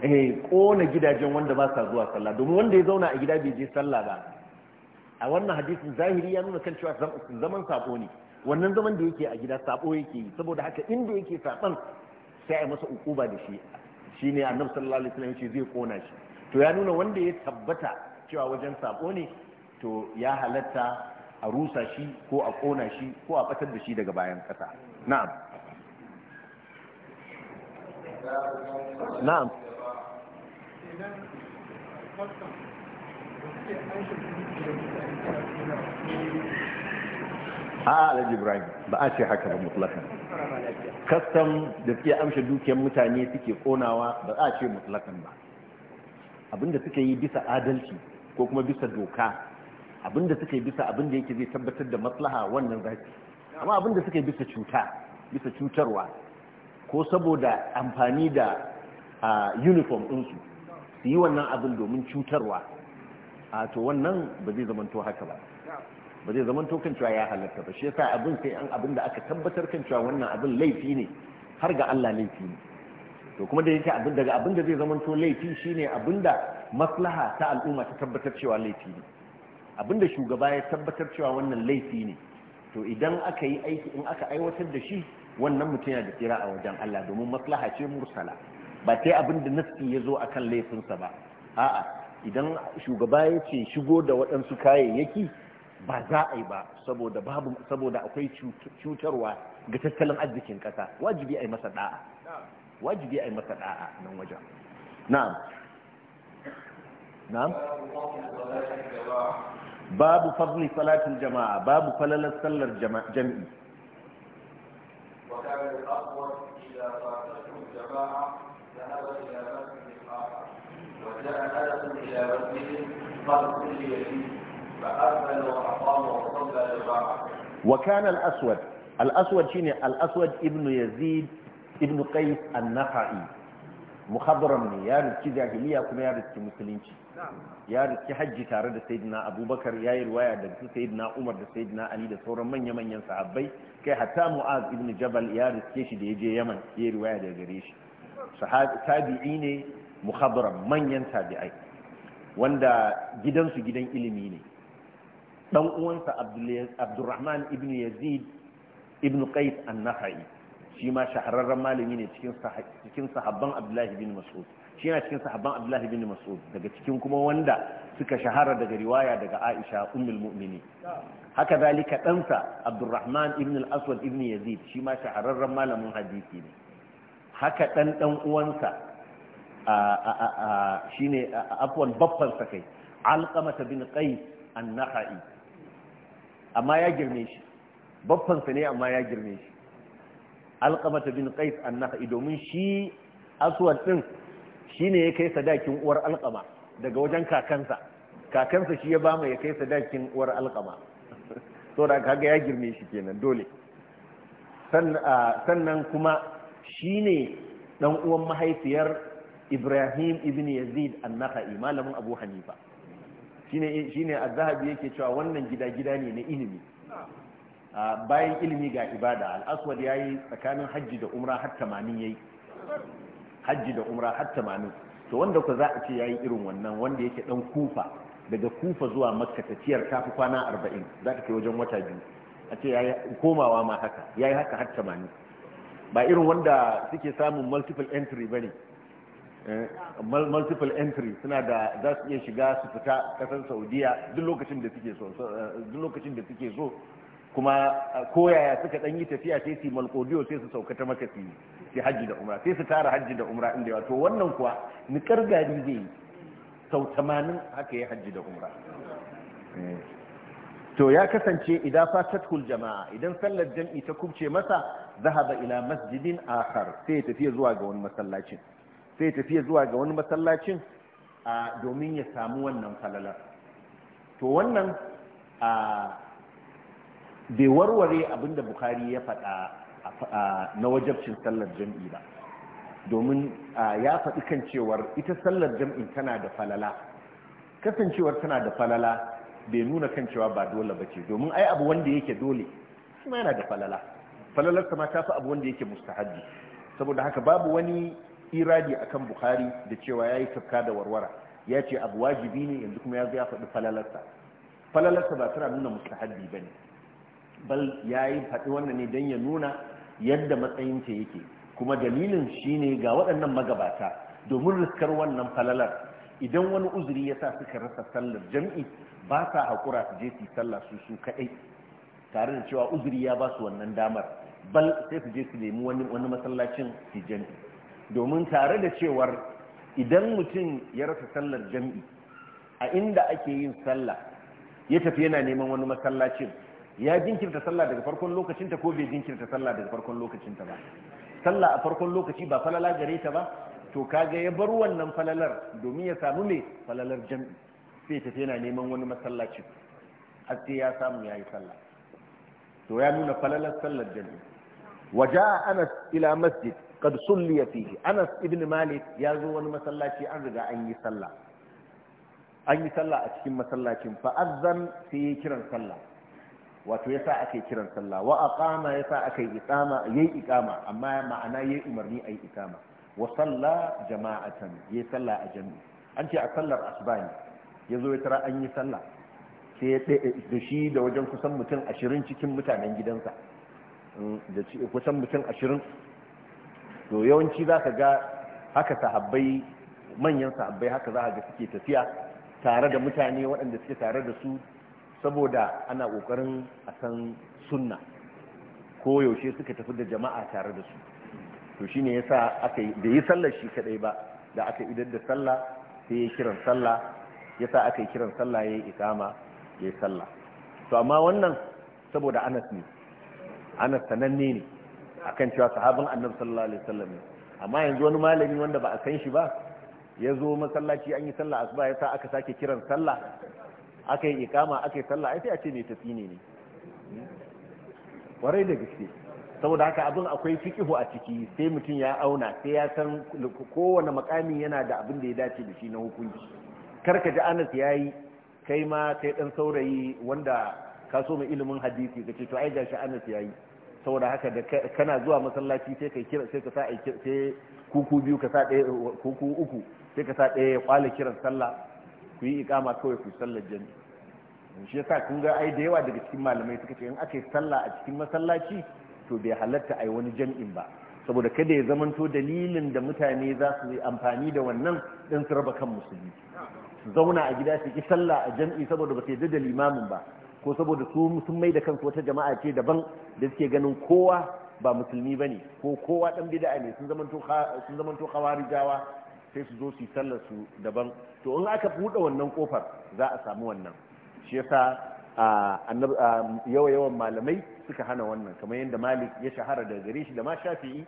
eh kona gidajen wanda ba sa zuwa sallah domin wanda ya zauna a gida bai je sallah ba a wannan hadisin zahiri ya nuna kan cewa zaman sabo ne wannan zaman da yake a gida sabo yake yi saboda haka inda yake saban sai a masa ukuba da shi shine annabi sallallahu alaihi wasallam yace zai kona shi to ya nuna wanda ya tabbata cewa wajen sabo ne to ya halatta a rusa shi ko a kona shi ko a batar da shi daga bayan kasa na'am na'am a alhaji ibrahim ba a ce haka ba mutlakan kastam da suke amshe dukiyar mutane suke konawa ba a ce mutlakan ba abinda suka yi bisa adalci ko kuma bisa doka abinda suka yi bisa abinda yake zai tabbatar da maslaha wannan zaki amma abinda suka yi bisa cuta bisa cutarwa ko saboda amfani da uniform ɗinsu su yi wannan abin domin cutarwa a to wannan ba zai zamanto haka ba ba zai zamanto kan cewa ya halatta ba shi yasa abin sai an abin da aka tabbatar kan cewa wannan abin laifi ne har ga Allah laifi ne to kuma da yake abin daga abin da zai zamanto laifi shine abin da maslaha ta al'umma ta tabbatar cewa laifi ne abin da shugaba ya tabbatar cewa wannan laifi ne to idan aka yi aiki in aka aiwatar da shi wannan mutum yana da tsira a wajen Allah domin maslaha ce mursala ba sai abin da ya zo a kan laifinsa ba a'a idan shugaba ya ce shigo da waɗansu kayayyaki ba za a yi ba saboda babu saboda akwai cutarwa ga tattalin arzikin ƙasa wajibi a yi masa da'a wajibi a yi masa da'a nan wajen na'am na'am babu fadli salatin jama'a babu falalar sallar jami'i وكان الأسود الأسود شنو الأسود ابن يزيد ابن قيس النخعي مخضرم يا رتي جاهلية كما يا رتي مسلمين نعم. يا رتي حج تارد سيدنا أبو بكر يا رواية سيدنا عمر سيدنا علي صورا من يمن ينسى عبي كي حتى معاذ ابن جبل يا رتي شدي يجي يمن يا رواية جريش صحابي تابعيني مخضرم من ينسى بأي wanda gidansu gidan ilimi ne dan uwansa abdurrahman ibn yazid ibn qais an-nakhai shi ma shahararren malami ne cikin cikin sahabban abdullahi bin mas'ud shi yana cikin sahabban abdullahi bin mas'ud daga cikin kuma wanda suka shahara daga riwaya daga aisha ummul mu'mini haka zalika ɗansa abdulrahman ibn al-aswad ibn yazid shi ma shahararren malamin hadisi ne haka ɗan ɗan uwansa shine afwan babban sa kai alqamata bin qais an-nakhai amma ya girme shi babban sa ne amma ya girme shi alqamata bin qais an-nakhai domin shi aswad din shine ya kai sadakin uwar alqama daga wajen kakansa kakansa shi ya bama ya kai sadakin uwar alqama to da kaga ya girme shi kenan dole sannan kuma shine dan uwan mahaifiyar ibrahim ibn yazid an-nakhai malamin abu hanifa shine shine az-zahabi yake cewa wannan gida gida ne na ilimi bayan ilimi ga ibada al-aswad yayi tsakanin hajji da umra har 80 yayi hajji da umra har 80 to wanda ku za a ce yayi irin wannan wanda yake dan kufa daga kufa zuwa makka tafiyar tafi kwana 40 za ta kai wajen wata biyu a ce yayi komawa ma haka yayi haka har 80 ba irin wanda suke samun multiple entry bane Eh, multiple entry suna da za su iya shiga su fita kasar saudiya duk lokacin da suke so eh, duk lokacin da kuma eh, koyaya suka dan yi tafiya sai su malkodiyo sai su sauka ta maka su sai hajji da umra sai su tara hajji da umra inda to wannan kuwa nikar gari zai yi sau 80 haka ya hajji da umra to ya kasance idan fatatul jama'a idan sallar jam'i ta kubce masa zahaba ila masjidin akhar sai ya tafi zuwa ga wani masallacin sai tafiya zuwa ga wani masallacin a domin ya samu wannan falalar to wannan a bai warware abinda bukari ya faɗa na wajabcin sallar jam'i ba domin ya faɗi kan cewar ita sallar jam'in tana da falala kasancewar tana da falala bai nuna kan cewa ba dole ba ce domin ai abu wanda yake dole kuma yana da falala falalar ma ta fi abu wanda yake mustahabi saboda haka babu wani iradi akan bukhari da cewa ya yi tafka da warwara ya ce abu wajibi ne yanzu kuma ya ya faɗi falalarsa falalarsa ba tana nuna ba ne bal ya yi faɗi wannan ne don ya nuna yadda matsayinta yake kuma dalilin shine ga waɗannan magabata domin riskar wannan falalar idan wani uzuri ya sa suka rasa sallar jam'i ba sa haƙura su je su sallah su su kaɗai tare da cewa uzuri ya ba su wannan damar bal sai su je su nemi wani masallacin su jam'i domin tare da cewar idan mutum ya rasa sallar jam'i a inda ake yin sallah ya tafi yana neman wani masallacin ya jinkirta sallah daga farkon lokacinta ko bai jinkirta sallah daga farkon lokacinta ba sallah a farkon lokaci ba falala gare ta ba to kaga ya bar wannan falalar domin ya samu mai falalar jam'i sai tafi yana neman wani masallacin har sai ya samu ya yi sallah to ya nuna falalar sallar jam'i waja anas ila masjid qad sulliya fihi Anas ibn Malik ya zo wani masallaci an riga an yi sallah an yi sallah a cikin masallacin fa azan sai ya kiran sallah wato ya sa ake kiran sallah wa aqama ya sa aka yi iqama yayi iqama amma ma'ana yayi umarni ayi iqama wa salla jama'atan yayi sallah a jami'i an ce a sallar asuba ne yazo ya tara an yi sallah sai ya da shi da wajen kusan mutum 20 cikin mutanen gidansa mm, da kusan mutum 20 to yawanci za ka ga haka sahabbai manyan sahabbai haka za ga suke tafiya tare da mutane waɗanda suke tare da su saboda ana ƙoƙarin a san sunna ko yaushe suka tafi da jama'a tare da su to shine sa aka da yi sallar shi kaɗai ba da aka idar da sallah sai ya kiran sallah ya sa aka yi kiran sallah ya yi ikama yi sallah to amma wannan saboda Anas ne Anas sananne ne akan cewa sahabin annabi sallallahu alaihi wasallam amma yanzu wani malami wanda ba a san shi ba ya zo masallaci an yi sallah asuba ya sa aka sake kiran sallah aka yi ikama aka yi sallah ai sai a ce mai tafi ne ne warai da gaske saboda haka abin akwai fikihu a ciki sai mutum ya auna sai ya san kowane makami yana da abin da ya dace da shi na hukunci ka ji anas yayi kai ma kai dan saurayi wanda ka so mai ilimin hadisi kace to ai gashi anas yayi saboda haka da kana zuwa masallaci sai ka kira sai ka sa sai kuku biyu ka sa ɗaya kuku uku sai ka sa ɗaya ya kwala kiran sallah ku yi ikama kawai ku sallar jam'i shi yasa kun ga ai da yawa daga cikin malamai suka ce in aka yi sallah a cikin masallaci to bai halatta ai wani jami'in ba saboda kada ya zamanto dalilin da mutane za su yi amfani da wannan din su raba kan musulmi su zauna a gida su ki sallah a jami'i saboda ba su da da limamin ba ko saboda su sun mai da kansu wata jama'a ce daban da suke ganin kowa ba musulmi ba ne ko kowa ɗan bid'a ne sun zamanto sun zamanto khawarijawa sai su zo su sallar su daban to in aka buɗe wannan kofar za a samu wannan shi yasa yawa yawan malamai suka hana wannan kamar yadda malik ya shahara da gare shi da ma shafi'i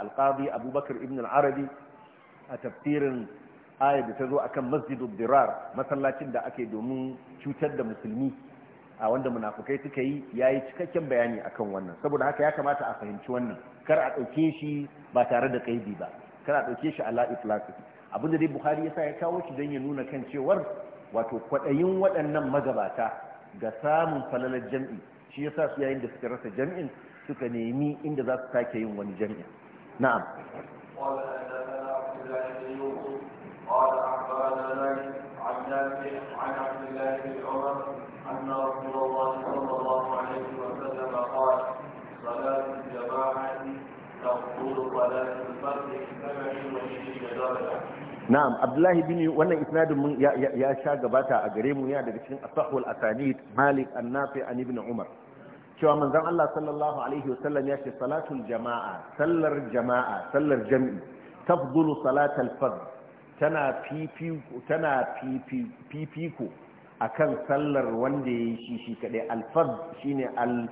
alqadi abubakar ibn al-arabi a tafsirin ayar da ta zo akan masjidul dirar masallacin da ake domin cutar da musulmi a wanda munafukai suka yi ya yi cikakken bayani akan wannan saboda haka ya kamata a fahimci wannan kar a ɗauke shi ba tare da kaidi ba kar a ɗauke shi ala itlaqi abin da dai buhari ya sa ya kawo shi don ya nuna kan cewar wato kwaɗayin waɗannan magabata ga samun falalar jam'i shi ya sa su yayin da suka rasa jam'in suka nemi inda za su sake yin wani jam'in na'am na'am abdullahi bin wannan isnadin mun ya sha gabata a gare mu ya daga cikin asahul asanid malik annafi an ibn umar cewa manzon Allah sallallahu alaihi sallam ya ce salatul jama'a sallar jama'a sallar jami'i tafdulu salatal fard tana fifiko tana akan sallar wanda yayi shi shi kadai al fard shine al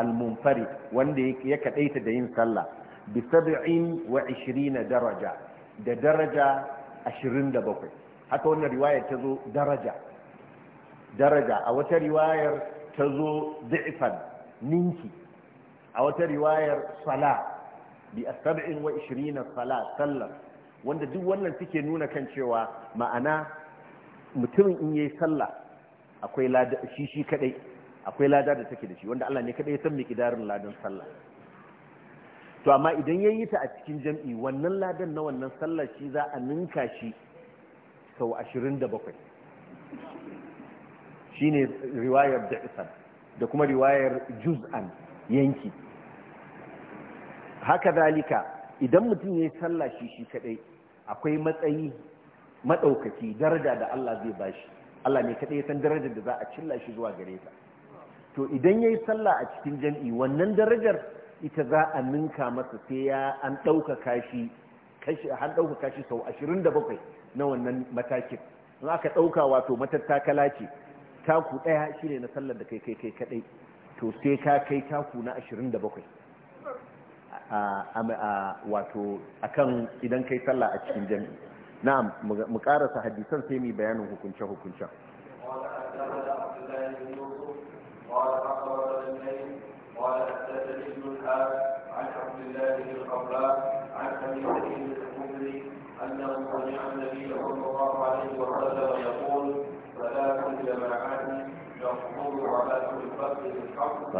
al-munfarid wanda ya kadaita da yin sallah bi 27 daraja da daraja 27 haka wannan riwayar ta zo daraja daraja a wata riwayar ta zo da'ifan ninki a wata riwayar sala bi asab'in wa sala sallar wanda duk wannan suke nuna kan cewa ma'ana mutumin in yi sallah akwai lada shi shi kadai akwai lada da take da shi wanda Allah ne kadai ya san kidarin ladan sallah to amma idan ya yi ta a cikin jam'i wannan ladan na wannan sallar shi za a ninka shi sau ashirin da bakwai shi ne riwayar da kuma riwayar juz'an yanki haka zalika idan mutum ya yi sallashi shi shi kadai akwai matsayi maɗaukaki daraja da Allah zai bashi Allah ne kadai ya san darajar da za a cilla shi zuwa gare ta to idan ya yi sallah a cikin jam'i wannan darajar ita za a ninka masa sai ya an ɗaukaka shi an ɗaukaka shi sau bakwai na wannan matakin in aka ɗauka wato matattakala ce taku ɗaya ne na sallar da kai kai kai kaɗai to sai ka kai taku na a wato kan idan kai sallah a cikin jami'i na'am mu karasa hadisan sai mu bayanin hukunce hukunce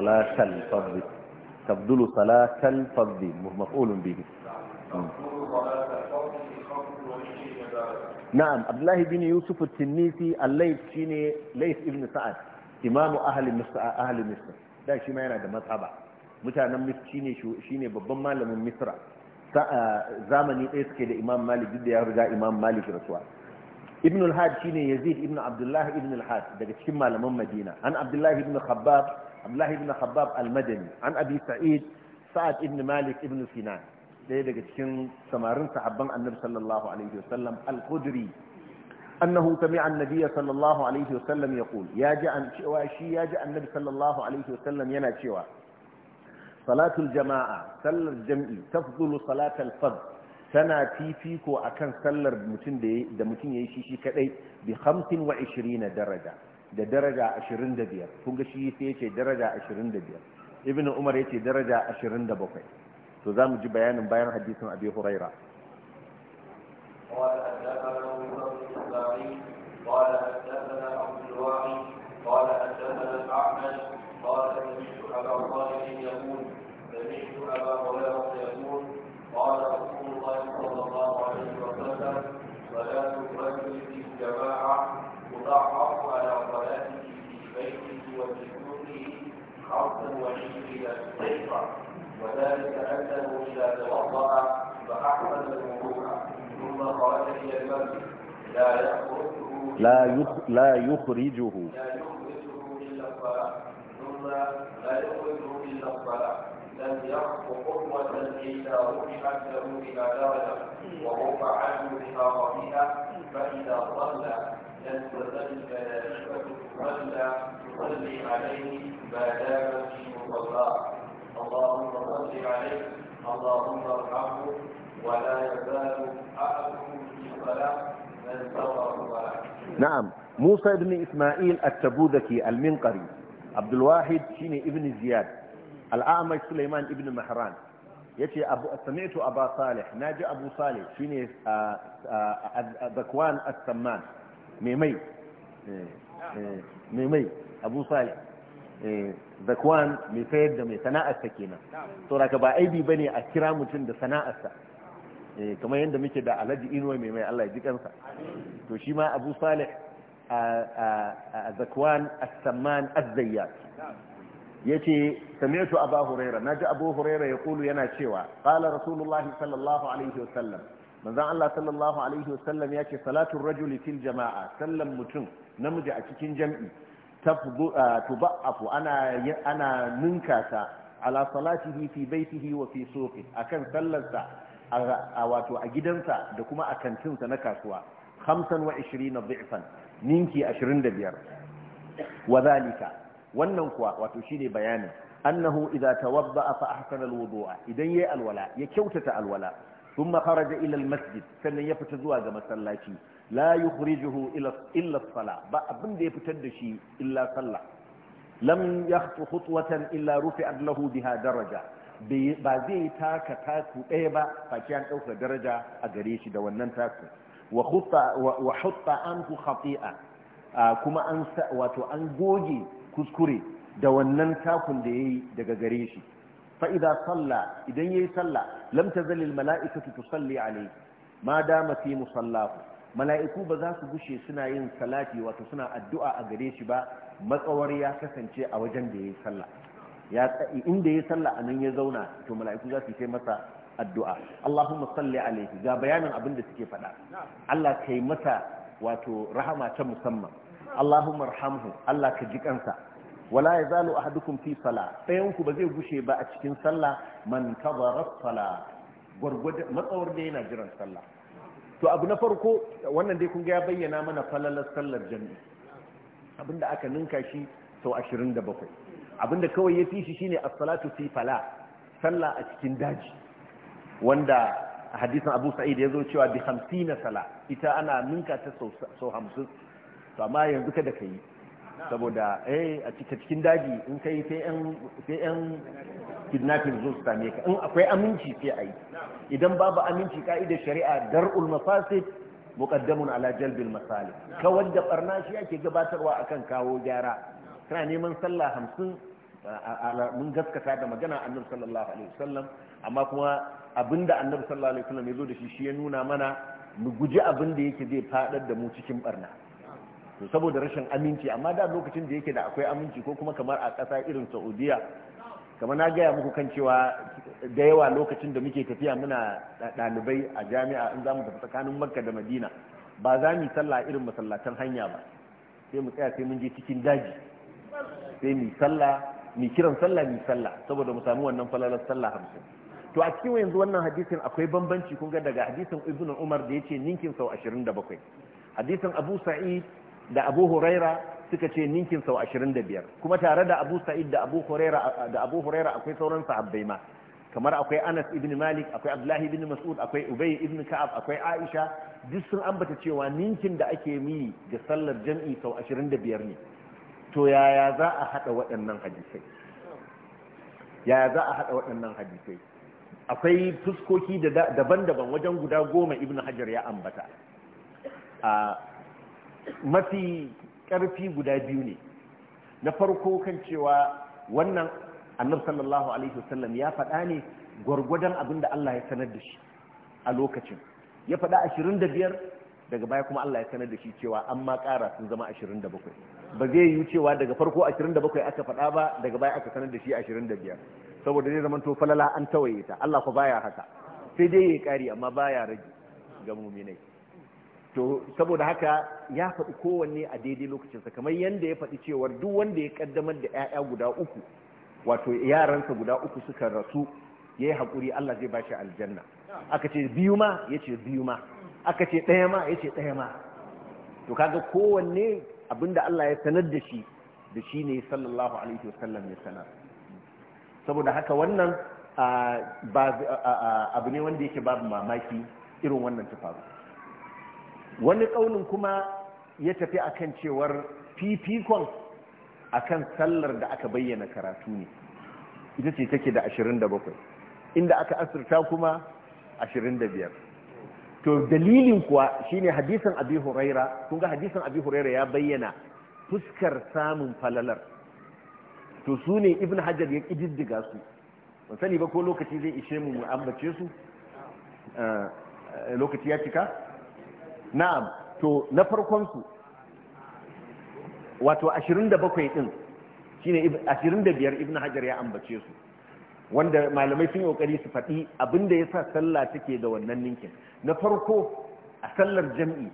صلاه الفضل تبدل صلاه الفضل مفعول به نعم عبد الله بن يوسف التنيسي الليث شيني ليس ابن سعد امام اهل مصر اهل مصر ده شي ما يعني ده مصعب مصر شيني شو شيني ببن مالم مصر آه، زمني ايه سكه ده امام مالك جدا يا رجا امام مالك رسوا ابن الحاج شيني يزيد ابن عبد الله ابن الحاج ده شي مالم مدينه عن عبد الله ابن خباب abdullahi ibn khabbab al an abi sa'id sa'ad ibn malik ibn sinan daya daga cikin samarin sahabban annabi sallallahu alaihi wasallam al-khudri annahu sami'a an-nabiy sallallahu alaihi wasallam yaqul ya ji an cewa shi ya ji annabi sallallahu alaihi wasallam yana cewa salatul jama'a sallar jam'i tafzulu salatal fard tana fifiko akan sallar da mutum yayi shi shi kadai bi 25 daraja da daraja 25 kun ga shi sai yace daraja 25 ibnu umar yace daraja 27 to zamu ji bayanin bayan hadisin abi huraira لا يخ لا يخرجه لا يخرجه إلا الصلاة لم يحق قوة إلا رفعت له بها درجة ورفع عنه بها فإذا صلى لم تزل الملائكة تصلى تصلي عليه ما دام في مصلاه اللهم صل عليه اللهم ارحمه ولا يزال أحد في صلاة na'am Musa ibn Isma'il at-Tabudaki al-Minqari Abdul Wahid shine ibn Ziyad al-A'mash Sulaiman ibn Mahran yace abu sami'tu Aba na ji Abu Salih shine Zakwan as-Samman mai mai mai mai Abu Salih Zakwan mai sayar da mai sana'arsa kenan saboda ba aibi bane a kira mutum da sana'arsa Eh, kamar yadda muke da alhaji inuwa mai mai Allah ya ji kansa to shi ma abu salih a zakwan as-samman az-zayyat yace sami'tu abu huraira ji abu huraira ya kulu yana cewa qala rasulullahi sallallahu alaihi wasallam manzon Allah sallallahu alaihi wasallam yace salatu rajuli fil jama'a sallan mutum namiji a cikin jam'i tuba'afu ana ana ninka ta ala salatihi fi baitihi wa fi suqi akan sallarsa a wato a gidansa da kuma a kantinsa na kasuwa 25 dhifan ninki 25 wadhalika wannan kuwa wato shine bayanin annahu idza tawabba'a fa ahsana alwudu'a idan yayi alwala ya kyautata alwala thumma kharaja ila almasjid sannan ya fita zuwa ga masallaci la yukhrijuhu ila illa as-sala ba abin da ya fitar da shi illa sallah lam yakhtu khutwatan illa rufi'at lahu biha daraja ba zai taka taku ɗaya ba face an ɗauka daraja a gare shi da wannan taku wa hutta an ku khati'a kuma an wato an goge kuskure da wannan takun da yayi daga gare shi fa idza salla idan yayi salla lam tazal al mala'ikatu a alayhi ma dama fi musallahu mala'iku ba za su gushe suna yin salati wato suna addu'a a gare shi ba matsawar ya kasance a wajen da yayi sallah ya inda ya a anan ya zauna to mala'iku za su yi masa addu'a Allahumma salli alaihi ga bayanin abin da suke faɗa Allah kai mata wato rahama ta musamman Allahumma arhamhu Allah ka ji kansa wala yazalu ahadukum fi sala ɗayan ku ba zai gushe ba a cikin salla man kadara sala gurgurda matsawar da yana jiran salla to abu na farko wannan dai kun ga ya bayyana mana falalar sallar jami'i abinda aka ninka shi sau 27 abinda kawai ya fi shi shine as-salatu fi fala sallah a cikin daji wanda hadisin Abu Sa'id ya zo cewa bi 50 sala ita ana ninka ta sau 50 to amma yanzu kada kai saboda eh a cikin daji in kai sai yan sai yan kidnapping zo su same ka in akwai aminci sai a yi idan babu aminci ka'idar shari'a dar'ul mafasid muqaddamun ala jalbil masalih kawar da barna shi ake gabatarwa akan kawo gyara kana neman sallah hamsin mun gaskata da magana annabi sallallahu alaihi wasallam amma kuma abinda annabi sallallahu alaihi wasallam ya zo da shi shi ya nuna mana mu guji abin da yake zai fadar da mu cikin barna to saboda rashin aminci amma da lokacin da yake da akwai aminci ko kuma kamar a ƙasa irin Saudiya kamar na gaya muku kan cewa da yawa lokacin da muke tafiya muna ɗalibai a jami'a in za mu tafi tsakanin makka da madina ba za mu sallah irin masallatan hanya ba sai mu tsaya sai mun je cikin daji sai mu sallah mai kiran sallah mai sallah saboda mu samu wannan falalar sallah hamsin to a cikin yanzu wannan hadisin akwai bambanci kun ga daga hadisin ibn umar da yace ninkin sau 27 hadisin abu sa'id da abu huraira suka ce ninkin sau 25 kuma tare da abu sa'id da abu huraira da abu huraira akwai sauran sahabbai ma kamar akwai anas ibn malik akwai abdullahi ibn mas'ud akwai ubay ibn ka'ab akwai aisha duk sun ambata cewa ninkin da ake yi ga sallar jam'i sau 25 ne to yaya za a haɗa waɗannan hadisai yaya za a haɗa waɗannan hadisai akwai fuskoki daban-daban wajen guda goma ibn hajar ya ambata a mafi ƙarfi guda biyu ne na farko kan cewa wannan annab sallallahu alaihi wasallam ya faɗa ne gwargwadon abin da Allah ya sanar da shi a lokacin ya faɗa 25 daga baya kuma Allah ya sanar da shi cewa an ma ƙara sun zama 27 ba zai yi cewa daga farko 27 aka faɗa ba daga baya aka sanar da shi 25 saboda zai zama to falala an tawaye ta Allah fa baya haka sai dai yayi ƙari amma baya rage ga mu'minai to saboda haka ya faɗi kowanne a daidai lokacinsa kamar yanda ya faɗi cewa duk wanda ya kaddamar da ƴaƴa guda uku wato yaransa guda uku suka rasu yayi hakuri Allah zai ba shi aljanna aka ce biyu ma ya ce biyu ma aka ce ɗaya ma ya ce ɗaya ma to kaga kowanne abinda Allah ya sanar da shi da shi ne sallallahu alaihi wasallam ya sanar saboda haka wannan abu ne wanda yake babu mamaki irin wannan tufaru wani ƙaunin kuma ya tafi akan cewar fifikon akan sallar da aka bayyana karatu ne ita ce take da 27 inda aka asirta kuma 25 to dalilin kuwa shine hadisin abi huraira kun ga hadisin abi huraira ya bayyana fuskar samun falalar to su ne ibn hajar ya kididdiga su ban sani ba ko lokaci zai ishe mu mu ambace su eh, lokaci ya cika na'am to na farkon su wato 27 din shine 25 ibn hajar ya ambace su wanda malamai sun yi kokari su faɗi abinda ya sa sallah take da wannan ninkin na farko a sallar jam'i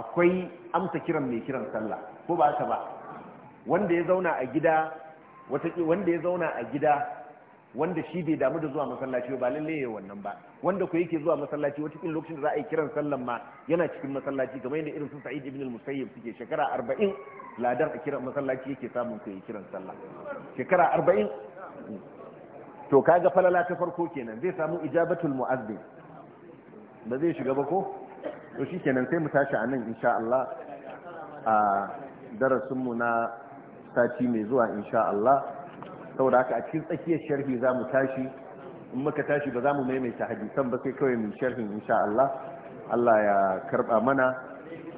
akwai amsa kiran mai kiran sallah ko ba haka ba wanda ya zauna a gida wanda ya zauna a gida wanda shi bai damu da zuwa masallaci ba lalle yayin wannan ba wanda ko yake zuwa masallaci wata cikin lokacin da za a yi kiran sallan ma yana cikin masallaci kamar yadda irin su Sa'id ibn al-Musayyib suke shekara 40 ladan a kiran masallaci yake samun yi kiran sallah shekara 40 to kaga falala ta farko kenan zai samu ijabatul mu'azzin ba zai shiga ba ko to shi kenan sai mu tashi a nan insha Allah a darasinmu na sati mai zuwa insha Allah saboda haka a cikin tsakiyar sharhi za mu tashi in muka tashi ba za mu maimaita hadisan ba sai kawai mu sharhin insha Allah Allah ya karba mana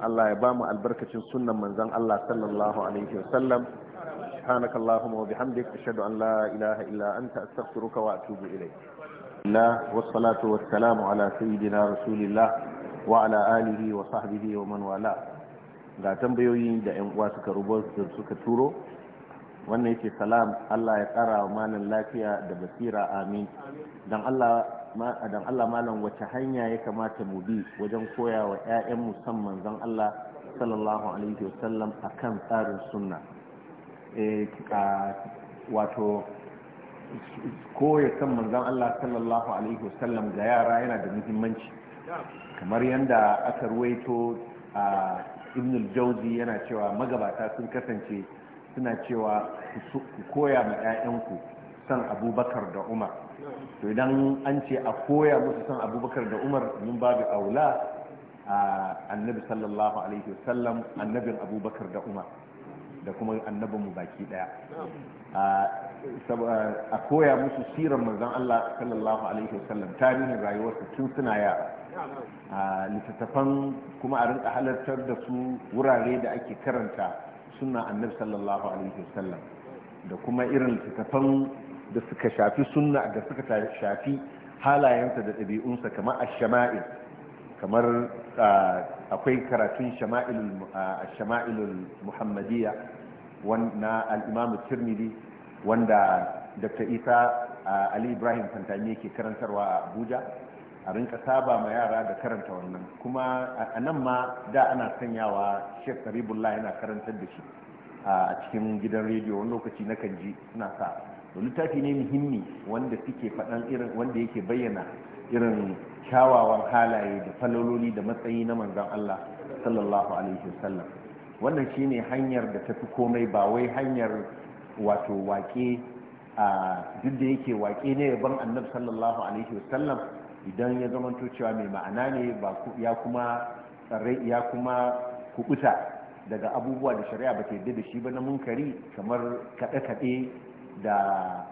Allah ya ba albarkacin sunnan manzon Allah sallallahu alaihi wasallam subhanakallahumma wa bihamdika ashhadu an la ilaha illa anta astaghfiruka wa atubu ilayk الله والصلاة والسلام على سيدنا رسول الله وعلى آله وصحبه ومن والاه ga tambayoyin da yan uwa suka rubuta suka turo wannan yake salam Allah ya tsara wa malam lafiya da basira amin dan Allah dan Allah malam wace hanya ya kamata mu bi wajen koya wa ƴaƴan musamman dan Allah sallallahu alaihi wasallam akan tsarin sunna eh wato koya san manzon Allah sallallahu alaihi wasallam ga yara yana da muhimmanci kamar yadda aka ruwaito a ibnul jauzi yana cewa magabata sun kasance suna cewa ku koya ma 'ya'yanku san abubakar da umar to idan an ce a koya musu san abubakar da umar mun babu aula a annabi sallallahu alaihi wasallam annabin abubakar da umar da kuma annabin mu baki daya a koya musu siran manzon Allah sallallahu alaihi wasallam tarihin rayuwarsa tun suna yara a littattafan kuma a rinka halartar da su wurare da ake karanta sunna annabi sallallahu alaihi wasallam da kuma irin littattafan da suka shafi sunna da suka shafi halayensa da ɗabi'unsa kamar ash-shama'il kamar akwai karatun shama'ilul muhammadiyya na al-imam tirmidhi wanda dr isa ali ibrahim fantami ke karantarwa a abuja a rinka saba ma yara da karanta wannan kuma a nan ma da ana sanyawa sheikh karibullah yana karantar da shi a cikin gidan rediyo wani lokaci na kan ji suna sa to littafi ne muhimmi wanda suke faɗan irin wanda yake bayyana irin kyawawan halaye da falololi da matsayi na manzon Allah sallallahu alaihi wasallam wannan shine hanyar da ta fi komai ba wai hanyar wato waƙe a duk da yake waƙe ne yaban annabi sallallahu alaihi wasallam idan ya zamanto cewa mai ma'ana ne ya kuma tsare, ya kuma kubuta daga abubuwa da shari'a ba ta yadda da shi ba na munkari kamar kaɗe-kaɗe da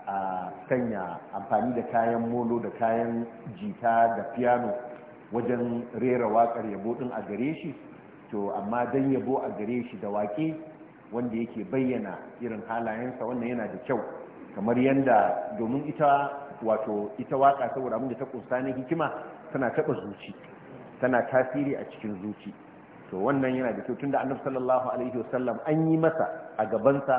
a sanya amfani da kayan molo da kayan jita da piano wajen rera waƙar yabo ɗin a gare shi to amma don yabo a gare shi da waƙe wanda yake bayyana irin halayensa wannan yana da kyau kamar yadda domin ita wato ita waka saboda abin da ta kunsa ne hikima tana taba zuci tana tasiri a cikin zuci to wannan yana da kyau tunda annabi sallallahu alaihi wasallam an yi masa a gabansa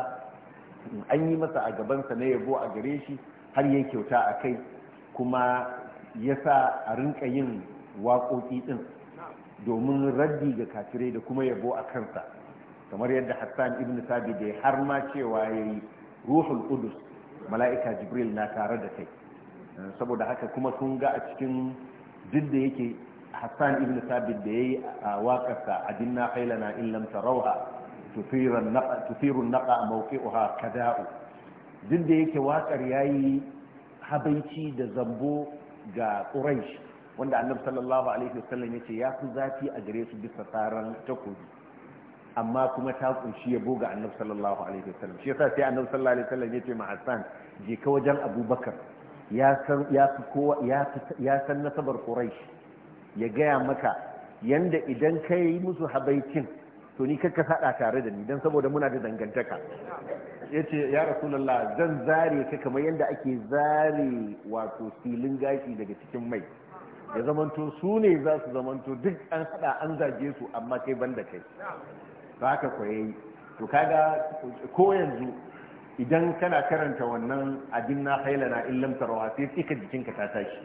an yi masa a gabansa na yabo a gare shi har ya kyauta a kai kuma ya sa a rinka yin waƙoƙi ɗin domin raddi ga kafirai da kuma yabo a kansa kamar yadda hassan ibn sabi da har ma cewa ya yi ruhul qudus mala'ika jibril na tare da kai saboda haka kuma sun ga a cikin duk da yake hassan ibn sabi da ya yi a waƙarsa adinna hailana in lam tarauha tufiru naqa mawqi'uha kada'u duk da yake waƙar yayi habaici da zambo ga quraish wanda annabi sallallahu alaihi wasallam yace ya fi zafi a gare su bisa tsaran takobi amma kuma ta kunshi yabo ga annabi sallallahu alaihi wasallam shi yasa sai annabi sallallahu alaihi wasallam ya ma Hassan je ka wajen Abubakar ya san ya fi kowa ya ya san nasabar Quraysh ya gaya maka yanda idan ka yi musu habaicin to ni kakka sada tare da ni dan saboda muna da dangantaka yace ya rasulullah zan zare ka kamar yanda ake zare wato filin gashi daga cikin mai ya zamanto su ne za su zamanto duk an hada an zage su amma kai banda kai ba haka kwaye to kaga ko yanzu idan kana karanta wannan abin na haila na lam tarawa sai sai ka jikinka ta tashi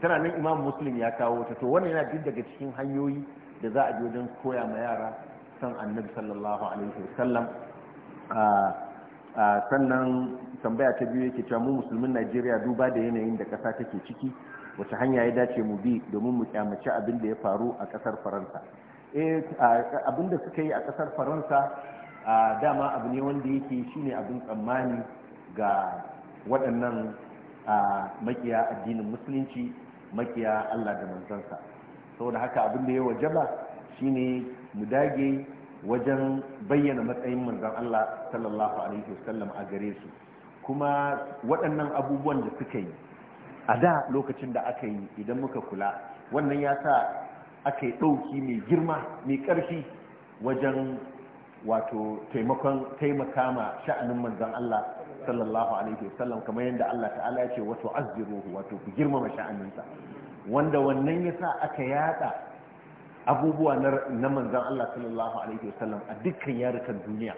tana nan imam muslim ya kawo ta to wannan yana duk daga cikin hanyoyi da za a wajen koya ma yara san annabi sallallahu alaihi wasallam sannan tambaya ta biyu yake cewa mu musulmin najeriya duba da yanayin da kasa take ciki wace hanya ya dace mu bi domin mu kyamaci abin da ya faru a kasar faransa Eh, abin da suka yi a ƙasar faransa a dama abu ne wanda yake shine abin tsammani ga waɗannan makiya addinin musulunci makiya allah da manzansa saboda haka abin da ya wajaba shine mu dage wajen bayyana matsayin manzan allah sallallahu alaihi wasallam a gare su kuma waɗannan abubuwan da suka yi a da lokacin da aka yi idan muka kula wannan ya sa aka yi ɗauki mai girma mai ƙarfi wajen wato taimakon taimaka ma sha'anin manzon Allah sallallahu alaihi wasallam kamar yadda Allah ta'ala ya ce wato azziru wato ku girmama sha'aninsa wanda wannan yasa aka yada abubuwa na manzon Allah sallallahu alaihi wasallam a dukkan yarukan duniya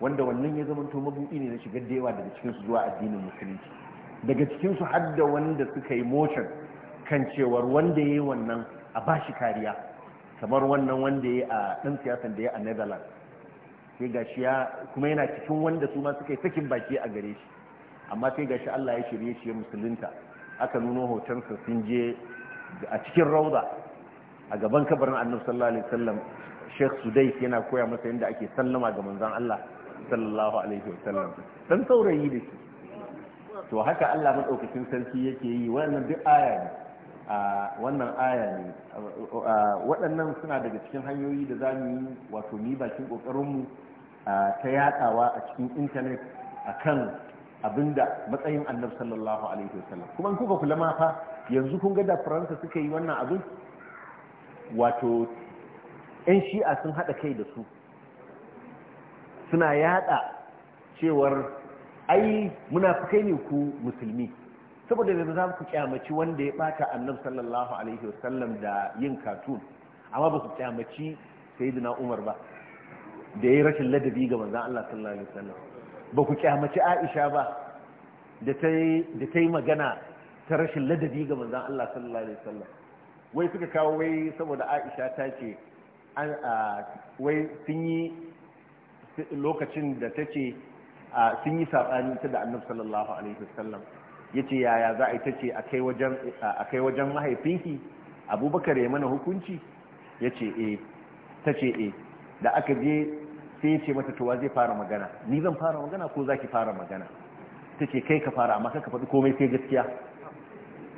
wanda wannan ya zama to mabuɗi ne na shigar dewa daga cikin zuwa addinin musulunci daga cikinsu su hadda wanda suka yi motar kan cewar wanda yayi wannan a ba shi kariya kamar wannan wanda ya a ɗan siyasan da ya a netherlands sai ga shi ya kuma yana cikin wanda su ma suka yi sakin baki a gare shi amma sai ga shi allah ya shirye shi ya musulunta aka nuno hotonsa sun je a cikin rauda a gaban kabarin annabi sallallahu alaihi wasallam sheikh sudais yana koya masa yadda ake sallama ga manzon allah sallallahu alaihi wasallam dan saurayi da shi to haka allah maɗaukacin sarki yake yi wannan duk aya ne a wannan aya ne waɗannan suna daga cikin hanyoyi da za mu yi wato ni bakin ƙoƙarinmu ta yaɗawa a cikin intanet a kan abin da matsayin annabi sallallahu alaihi wasallam kuma kuka kula ma fa yanzu kun ga da faransa suka yi wannan abin wato 'yan shi'a sun haɗa kai da su suna yaɗa cewar ai munafukai ne ku musulmi saboda bai za ku kyamaci wanda ya bata annab sallallahu alaihi wasallam da yin katun amma ba ku kyamaci sayyidina umar ba da yi rashin ladabi ga manzon Allah sallallahu alaihi wasallam ba ku kyamaci aisha ba da ta da yi magana ta rashin ladabi ga manzon Allah sallallahu alaihi wasallam wai suka kawo wai saboda aisha ta ce an wai sun yi lokacin da ta ce sun yi saɓani ta da annab sallallahu alaihi wasallam ya ce yaya za a yi ta ce a kai wajen mahaifinki abubakar ya mana hukunci ya ce e ta ce e da aka je sai ya ce mata towa zai fara magana ni zan fara magana ko za ki fara magana ta ce kai ka fara amma ka faɗi komai sai gaskiya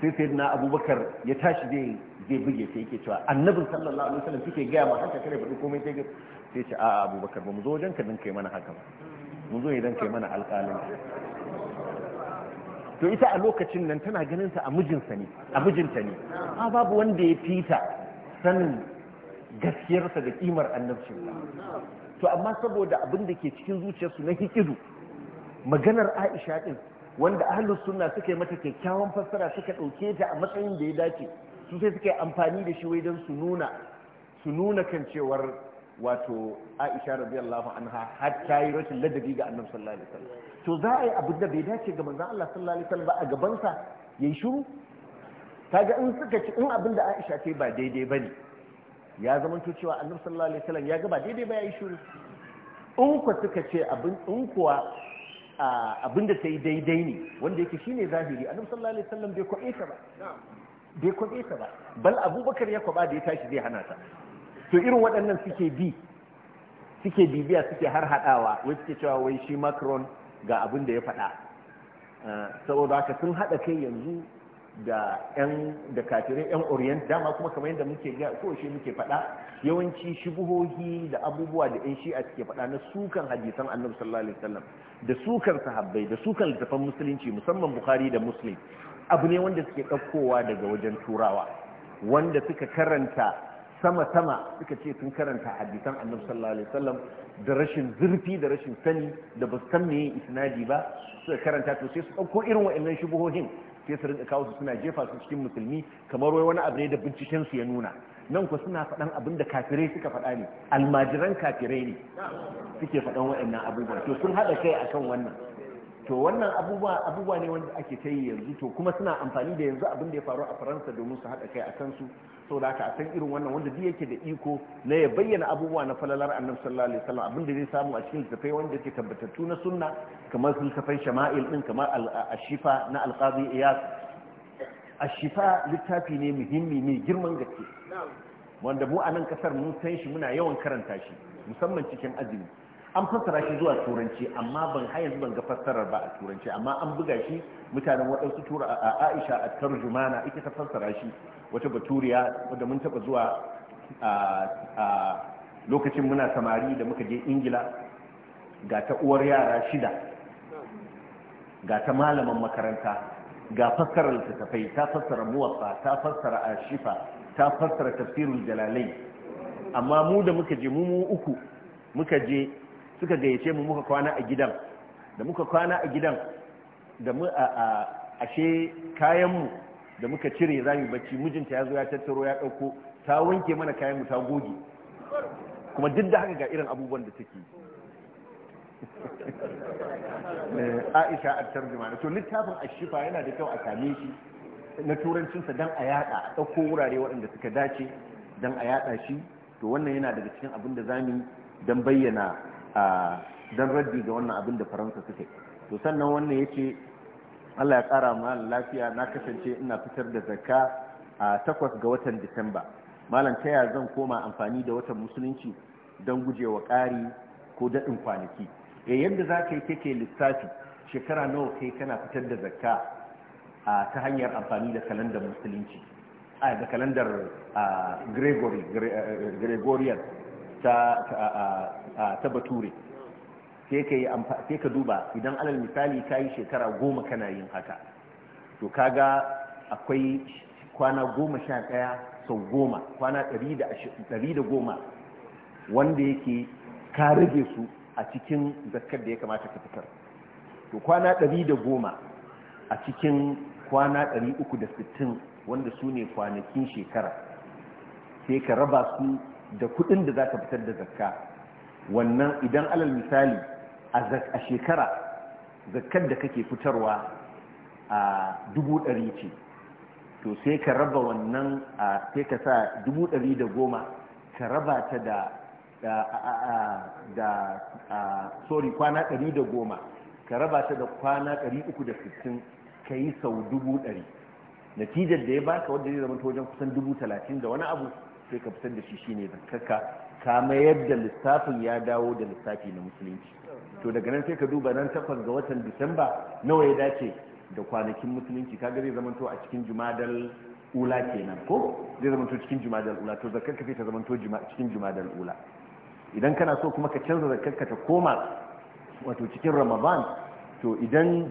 sai sai na abubakar ya tashi zai buge sai yake cewa annabin sallallahu alaihi wasallam kike gaya ma haka kare faɗi komai sai gaskiya sai ce a'a abubakar ba mu zo wajen ka dan yi mana haka ba mu zo idan kai mana alƙalin to ita a lokacin nan tana ganin sa a mijinsa ne a mijinta ne a babu wanda ya fita sanin gaskiyarsa da kimar annabci to amma saboda abin da ke cikin zuciyarsu na hikidu maganar Aisha din wanda ahlus sunna suka yi mata kyakkyawan fassara suka dauke ta a matsayin da ya dace su sai suka yi amfani da shi wai don su nuna su nuna kan cewar wato Aisha radiyallahu anha har ta yi rashin ladabi ga Annabi sallallahu alaihi wasallam to za a yi abin da bai dace ga manzon Allah sallallahu alaihi wasallam ba a gaban sa yayi shiru kaga in suka ci in abin da Aisha ce ba daidai bane ya zamanto cewa Annabi sallallahu alaihi wasallam ya ga ba daidai ba yayi shiru in ku suka ce abin in kuwa abin da ta yi daidai ne wanda yake shine zahiri Annabi sallallahu alaihi wasallam bai kwabe ta ba bai kwabe ta ba bal Abubakar ya kwaba da ya tashi zai hana ta to irin waɗannan suke bi suke bibiya suke har haɗawa wai suke cewa wai shi macron ga abin da ya faɗa eh, saboda haka sun haɗa kai yanzu da yan da kafirai yan orient dama kuma kamar yadda muke ga ko shi muke faɗa yawanci shubuhohi da abubuwa da yan shi'a suke faɗa na sukan hadisan annabi sallallahu alaihi wasallam da sukan sahabbai da sukan littafan musulunci musamman bukhari da muslim abu ne wanda suke ɗaukowa daga wajen turawa wanda suka karanta sama-sama suka ce sun karanta hadisan annabi sallallahu alaihi wasallam da rashin zurfi da rashin sani da ba san meye isnadi ba suka karanta to sai su ɗauko irin wa'annan shubuhohin sai su rinka kawo su suna jefa su cikin musulmi kamar wai wani abu ne da binciken su ya nuna nan ku suna faɗan abin da kafirai suka faɗa ne almajiran kafirai ne suke faɗan wa'annan abubuwa to sun haɗa kai akan wannan to wannan abubuwa abubuwa ne wanda ake ta yi yanzu to kuma suna amfani da yanzu abin da ya faru a faransa domin su haɗa kai a kansu saboda haka a san irin wannan wanda duk yake da iko na ya bayyana abubuwa na falalar annabi sallallahu alaihi wasallam abin da zai samu a cikin littafai wanda ke tabbatattu na sunna kamar littafai shama'il din kamar ashifa na alqadi iyas ashifa littafi ne muhimmi ne girman gaske wanda mu a nan kasar mun san shi muna yawan karanta shi musamman cikin azumi an fassara shi zuwa turanci amma ban haya yanzu ga fassarar ba a turanci amma an buga shi mutanen waɗansu tura a aisha a tarjumana ita ta fassara shi wata baturiya wadda mun taɓa zuwa a lokacin muna samari da muka je ingila ga ta uwar yara shida ga ta malaman makaranta ga fassarar littattafai ta fassara muwaffa ta fassara ashifa ta fassara tafsirin jalalai amma mu da muka je mu mu uku muka je suka gayyace mu muka kwana a gidan da muka kwana a gidan da mu a ashe kayanmu da muka cire zamu bacci mijinta ya zo ya tattaro ya ɗauko ta wanke mana kayanmu ta goge kuma duk da haka ga irin abubuwan da take eh, aisha a tarjuma to littafin ashifa yana da kyau a same shi na turancinsa don a yada a ɗauko wurare waɗanda suka dace don a yada shi to wannan yana daga cikin abin da zamu don bayyana don raddi ga wannan abin da faransa suke to sannan wannan ya ce allah ya kara ma lafiya na kasance ina fitar da zakka a takwas ga watan disamba malam ta yaya zan koma amfani da watan musulunci don gujewa ƙari ko daɗin kwanaki e yadda za ka yi kake lissafi shekara nawa kai kana fitar da zakka ta hanyar amfani da kalandar musulunci a da kalandar gregorian ta bature sai ka duba idan alal misali ka yi shekara goma kana yin haka to kaga akwai kwana goma sha ɗaya sau goma kwana ɗari da goma wanda yake ka rage su a cikin zakar da ya kamata ka fitar to kwana ɗari da goma a cikin kwana ɗari uku da sittin wanda su ne kwanakin shekara sai ka raba su da kudin da ka fitar da zakka wannan idan alal misali a shekara zakkar da kake fitarwa a dubu ɗari ce to sai ka raba wannan sai ka sa dubu ɗari da goma ka raba ta da da sorry kwana ɗari da goma ka raba ta da kwana ɗari uku da sittin ka yi sau dubu ɗari natijar da ya baka wadda zai zama wajen kusan dubu talatin da wani abu sai ka fitar da shi shine zakkarka ka mayar da lissafin ya dawo da lissafi na musulunci to daga nan sai ka duba nan takwas ga watan disamba nawa ya dace da kwanakin musulunci kaga zai zamanto a cikin jumadal ula kenan ko zai zamanto cikin jumadal ula to zakkarka sai ta zamanto cikin jumadal ula idan kana so kuma ka canza zakkarka ta koma wato cikin ramadan to idan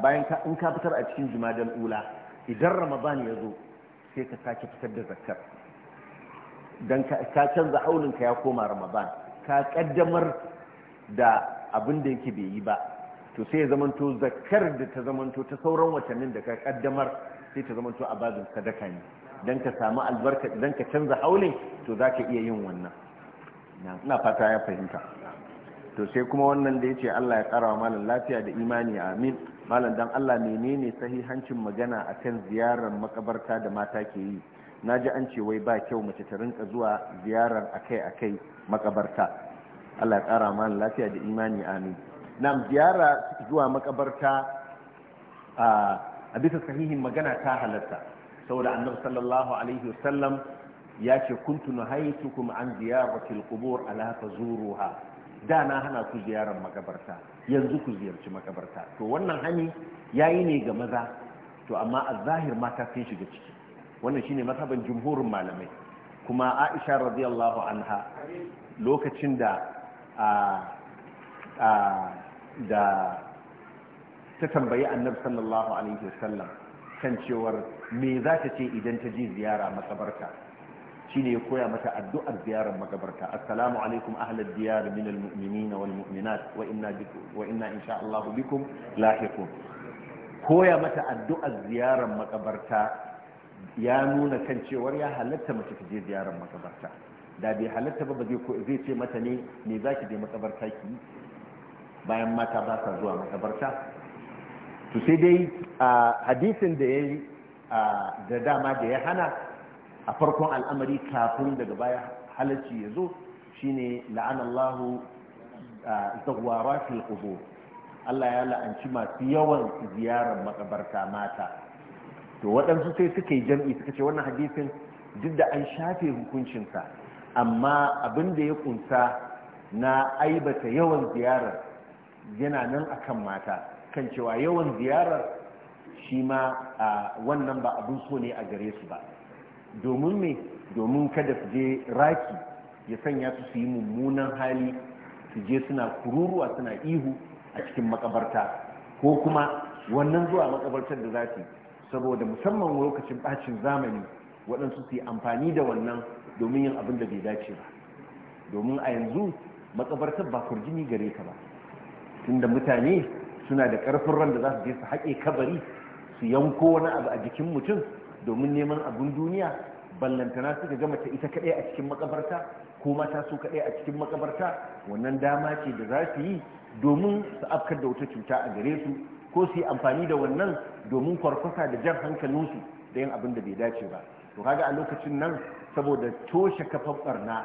bayan in ka fitar a cikin jumadal ula idan ramadan ya zo sai ka sake fitar da zakkar don ka canza ka ya koma ramadan ka kaddamar da abin da yake bai yi ba to sai ya zamanto zakar da ta zamanto ta sauran watannin da ka kaddamar sai ta zamanto a bazin sadaka ne don ka samu albarka don ka canza haulin to za ka iya yin wannan ina fata ya fahimta to sai kuma wannan da ya ce allah ya karawa malam lafiya da imani amin malam dan allah menene sahihancin magana akan ziyarar makabarta da mata ke yi na ji an ce wai ba kyau mace ta rinka zuwa ziyarar akai-akai makabarta Allah ya kara mana lafiya da imani amin nam ziyara zuwa makabarta a bisa sahihin magana ta halatta saboda annabi sallallahu alaihi wasallam ya ce kuntu nuhaitukum an ziyaratil qubur ala tazuruha da na hana ku ziyarar makabarta yanzu ku ziyarci makabarta to wannan hani yayi ne ga maza to amma a zahir mata sun shiga ciki wannan shine mazhaban jumhurin malamai kuma Aisha radiyallahu anha lokacin da da ta tambayi annabi sallallahu alaihi wasallam kan cewar me za ta ce idan ta ji ziyara makabarta shine ya koya mata addu'ar ziyarar makabarta assalamu alaikum ahlad diyar min almu'minin wal mu'minat wa inna wa inna insha Allah bikum lahiqun koya mata addu'ar ziyarar makabarta ya nuna kan cewar ya halatta mace ta je ziyarar makabarta da bai halatta ba zai ce mata ne me za ki je makabarta ki bayan mata ba sa zuwa makabarta to sai dai a hadisin da ya yi da dama da ya hana a farkon al'amari kafin daga baya halarci ya zo shine la'anallahu zagwara fil qubur Allah ya la'anci masu yawan ziyarar makabarta mata to waɗansu sai suka yi jam'i suka ce wannan hadisin duk da an shafe hukuncinsa amma abin da ya kunsa na aibata yawan ziyarar yana nan akan mata kan cewa yawan ziyarar shi ma a wannan ba abin so ne a gare su ba domin me domin kada su je raki ya sanya su su yi mummunan hali su je suna kururuwa suna ihu a cikin makabarta ko kuma wannan zuwa makabartar da za su yi saboda musamman lokacin bacin zamani waɗansu su yi amfani da wannan domin yin abin da bai dace ba domin a yanzu makabartar ba kurjini gare ka ba tunda mutane suna da ƙarfin ran da za su je su haƙe kabari su yanko wani abu a jikin mutum domin neman abin duniya ballantana suka gama ta ita kaɗai a cikin makabarta ko mata su kaɗai a cikin makabarta wannan dama ce da za su yi domin su afkar da wata cuta a gare su ko su yi amfani da wannan domin kwarkwasa da jan hankalinsu da yin abin da bai dace ba to kaga a lokacin nan saboda toshe kafan barna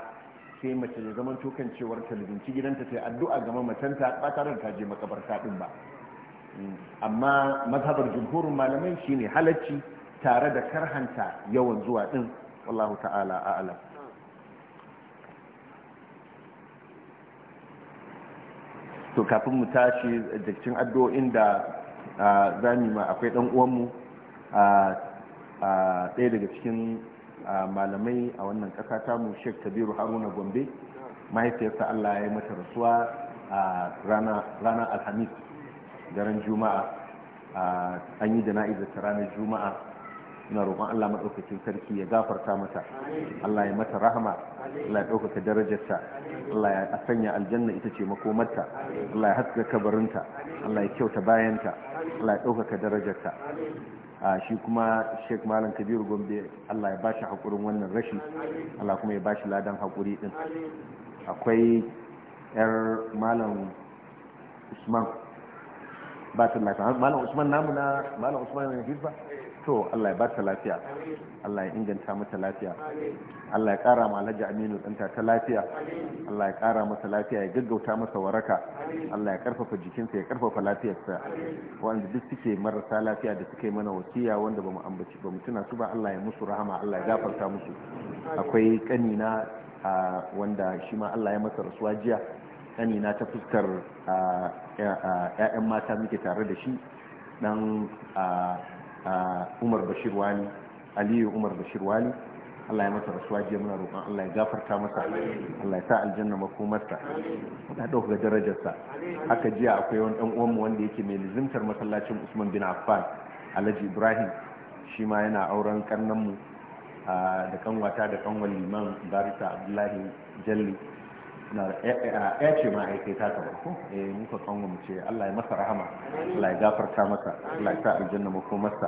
sai mace da zaman tokan cewar talibinci gidanta sai addu'a ga mamatanta ba tare da ta je makabarta din ba mm. amma mazhabar jumhurin malamai shine halacci tare da karhanta yawan zuwa din wallahu ta'ala a'lam to kafin mu tashi da addu'o'in da zami ma akwai dan uwanmu a ɗaya daga cikin malamai a wannan ƙasa ta mu Sheikh Kabiru Haruna Gombe mahaifiyarsa Allah ya yi mata rasuwa a ranar Alhamis daren Juma'a an yi jana'izar ta ranar Juma'a ina roƙon Allah madaukakin sarki ya gafarta mata Allah ya mata rahama Allah ya ɗaukaka darajarta Allah ya sanya aljanna ita ce makomarta Allah ya haska kabarinta Allah ya kyauta bayanta Allah ya ɗaukaka darajarta a shi kuma sheik malam kabiru gombe Allah ya bashi haƙurin wannan rashi Allah kuma ya bashi ladan haƙuri ɗin akwai yar malam usman ba ta lafiya malam usman namu na malam usman na hizba to Allah ya ba ta lafiya Allah ya inganta mata lafiya Allah ya kara ma Alhaji Aminu ɗanta ta lafiya Allah ya kara masa lafiya ya gaggauta masa waraka Allah ya karfafa jikinsa ya karfafa lafiyarsa wanda duk suke marasa lafiya da suke mana wasiya wanda bamu ambaci bamu tuna su ba Allah ya musu rahama Allah ya gafarta musu akwai kanina wanda shi ma Allah ya masa rasuwa jiya kanina ta fuskar ƴaƴan mata muke tare da shi dan umar bashir wani aliyu umar bashir wani Allah ya masa rasuwa jiya muna roƙon Allah ya gafarta masa Allah ya sa aljanna makomarsa Na ɗauka darajarsa haka jiya akwai wani ɗan uwanmu wanda yake mai lizimtar masallacin Usman bin Affan Alhaji Ibrahim shi ma yana auren kannan mu da kanwata da kanwan liman Barisa Abdullahi Jalli na ce ma aike ta ka barko eh muka kanwa mu ce Allah ya masa rahama Allah ya gafarta maka Allah ya sa aljanna mu masa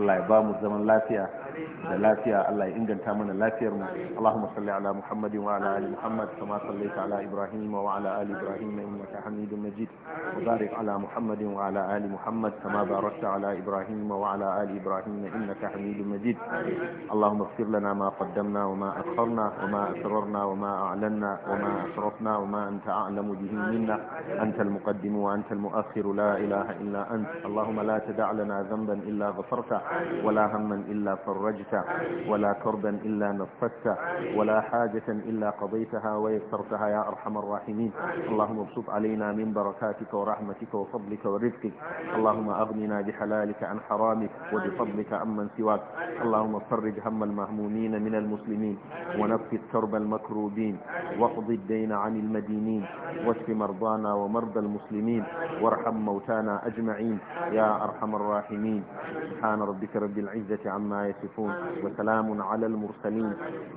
Allah ya ba mu zaman lafiya da lafiya Allah ya inganta mana lafiyar mu Allahumma salli ala Muhammad wa ala ali Muhammad kama sallaita ala Ibrahim wa ala ali Ibrahim innaka Hamidum Majid wa barik ala Muhammad wa ala ali Muhammad kama barakta ala Ibrahim wa ala ali Ibrahim innaka Hamidum Majid Allahumma أشرفنا وما أنت أعلم به منا أنت المقدم وأنت المؤخر لا إله إلا أنت اللهم لا تدع لنا ذنبا إلا غفرته ولا هما إلا فرجته ولا كربا إلا نفسته ولا حاجة إلا قضيتها ويسرتها يا أرحم الراحمين اللهم ابسط علينا من بركاتك ورحمتك وفضلك ورزقك اللهم أغننا بحلالك عن حرامك وبفضلك عمن سواك اللهم فرج هم المهمومين من المسلمين ونفس كرب المكروبين واقض الدين علينا عن المدينين واشف مرضانا ومرضى المسلمين وارحم موتانا أجمعين يا أرحم الراحمين سبحان ربك رب العزة عما يصفون وسلام على المرسلين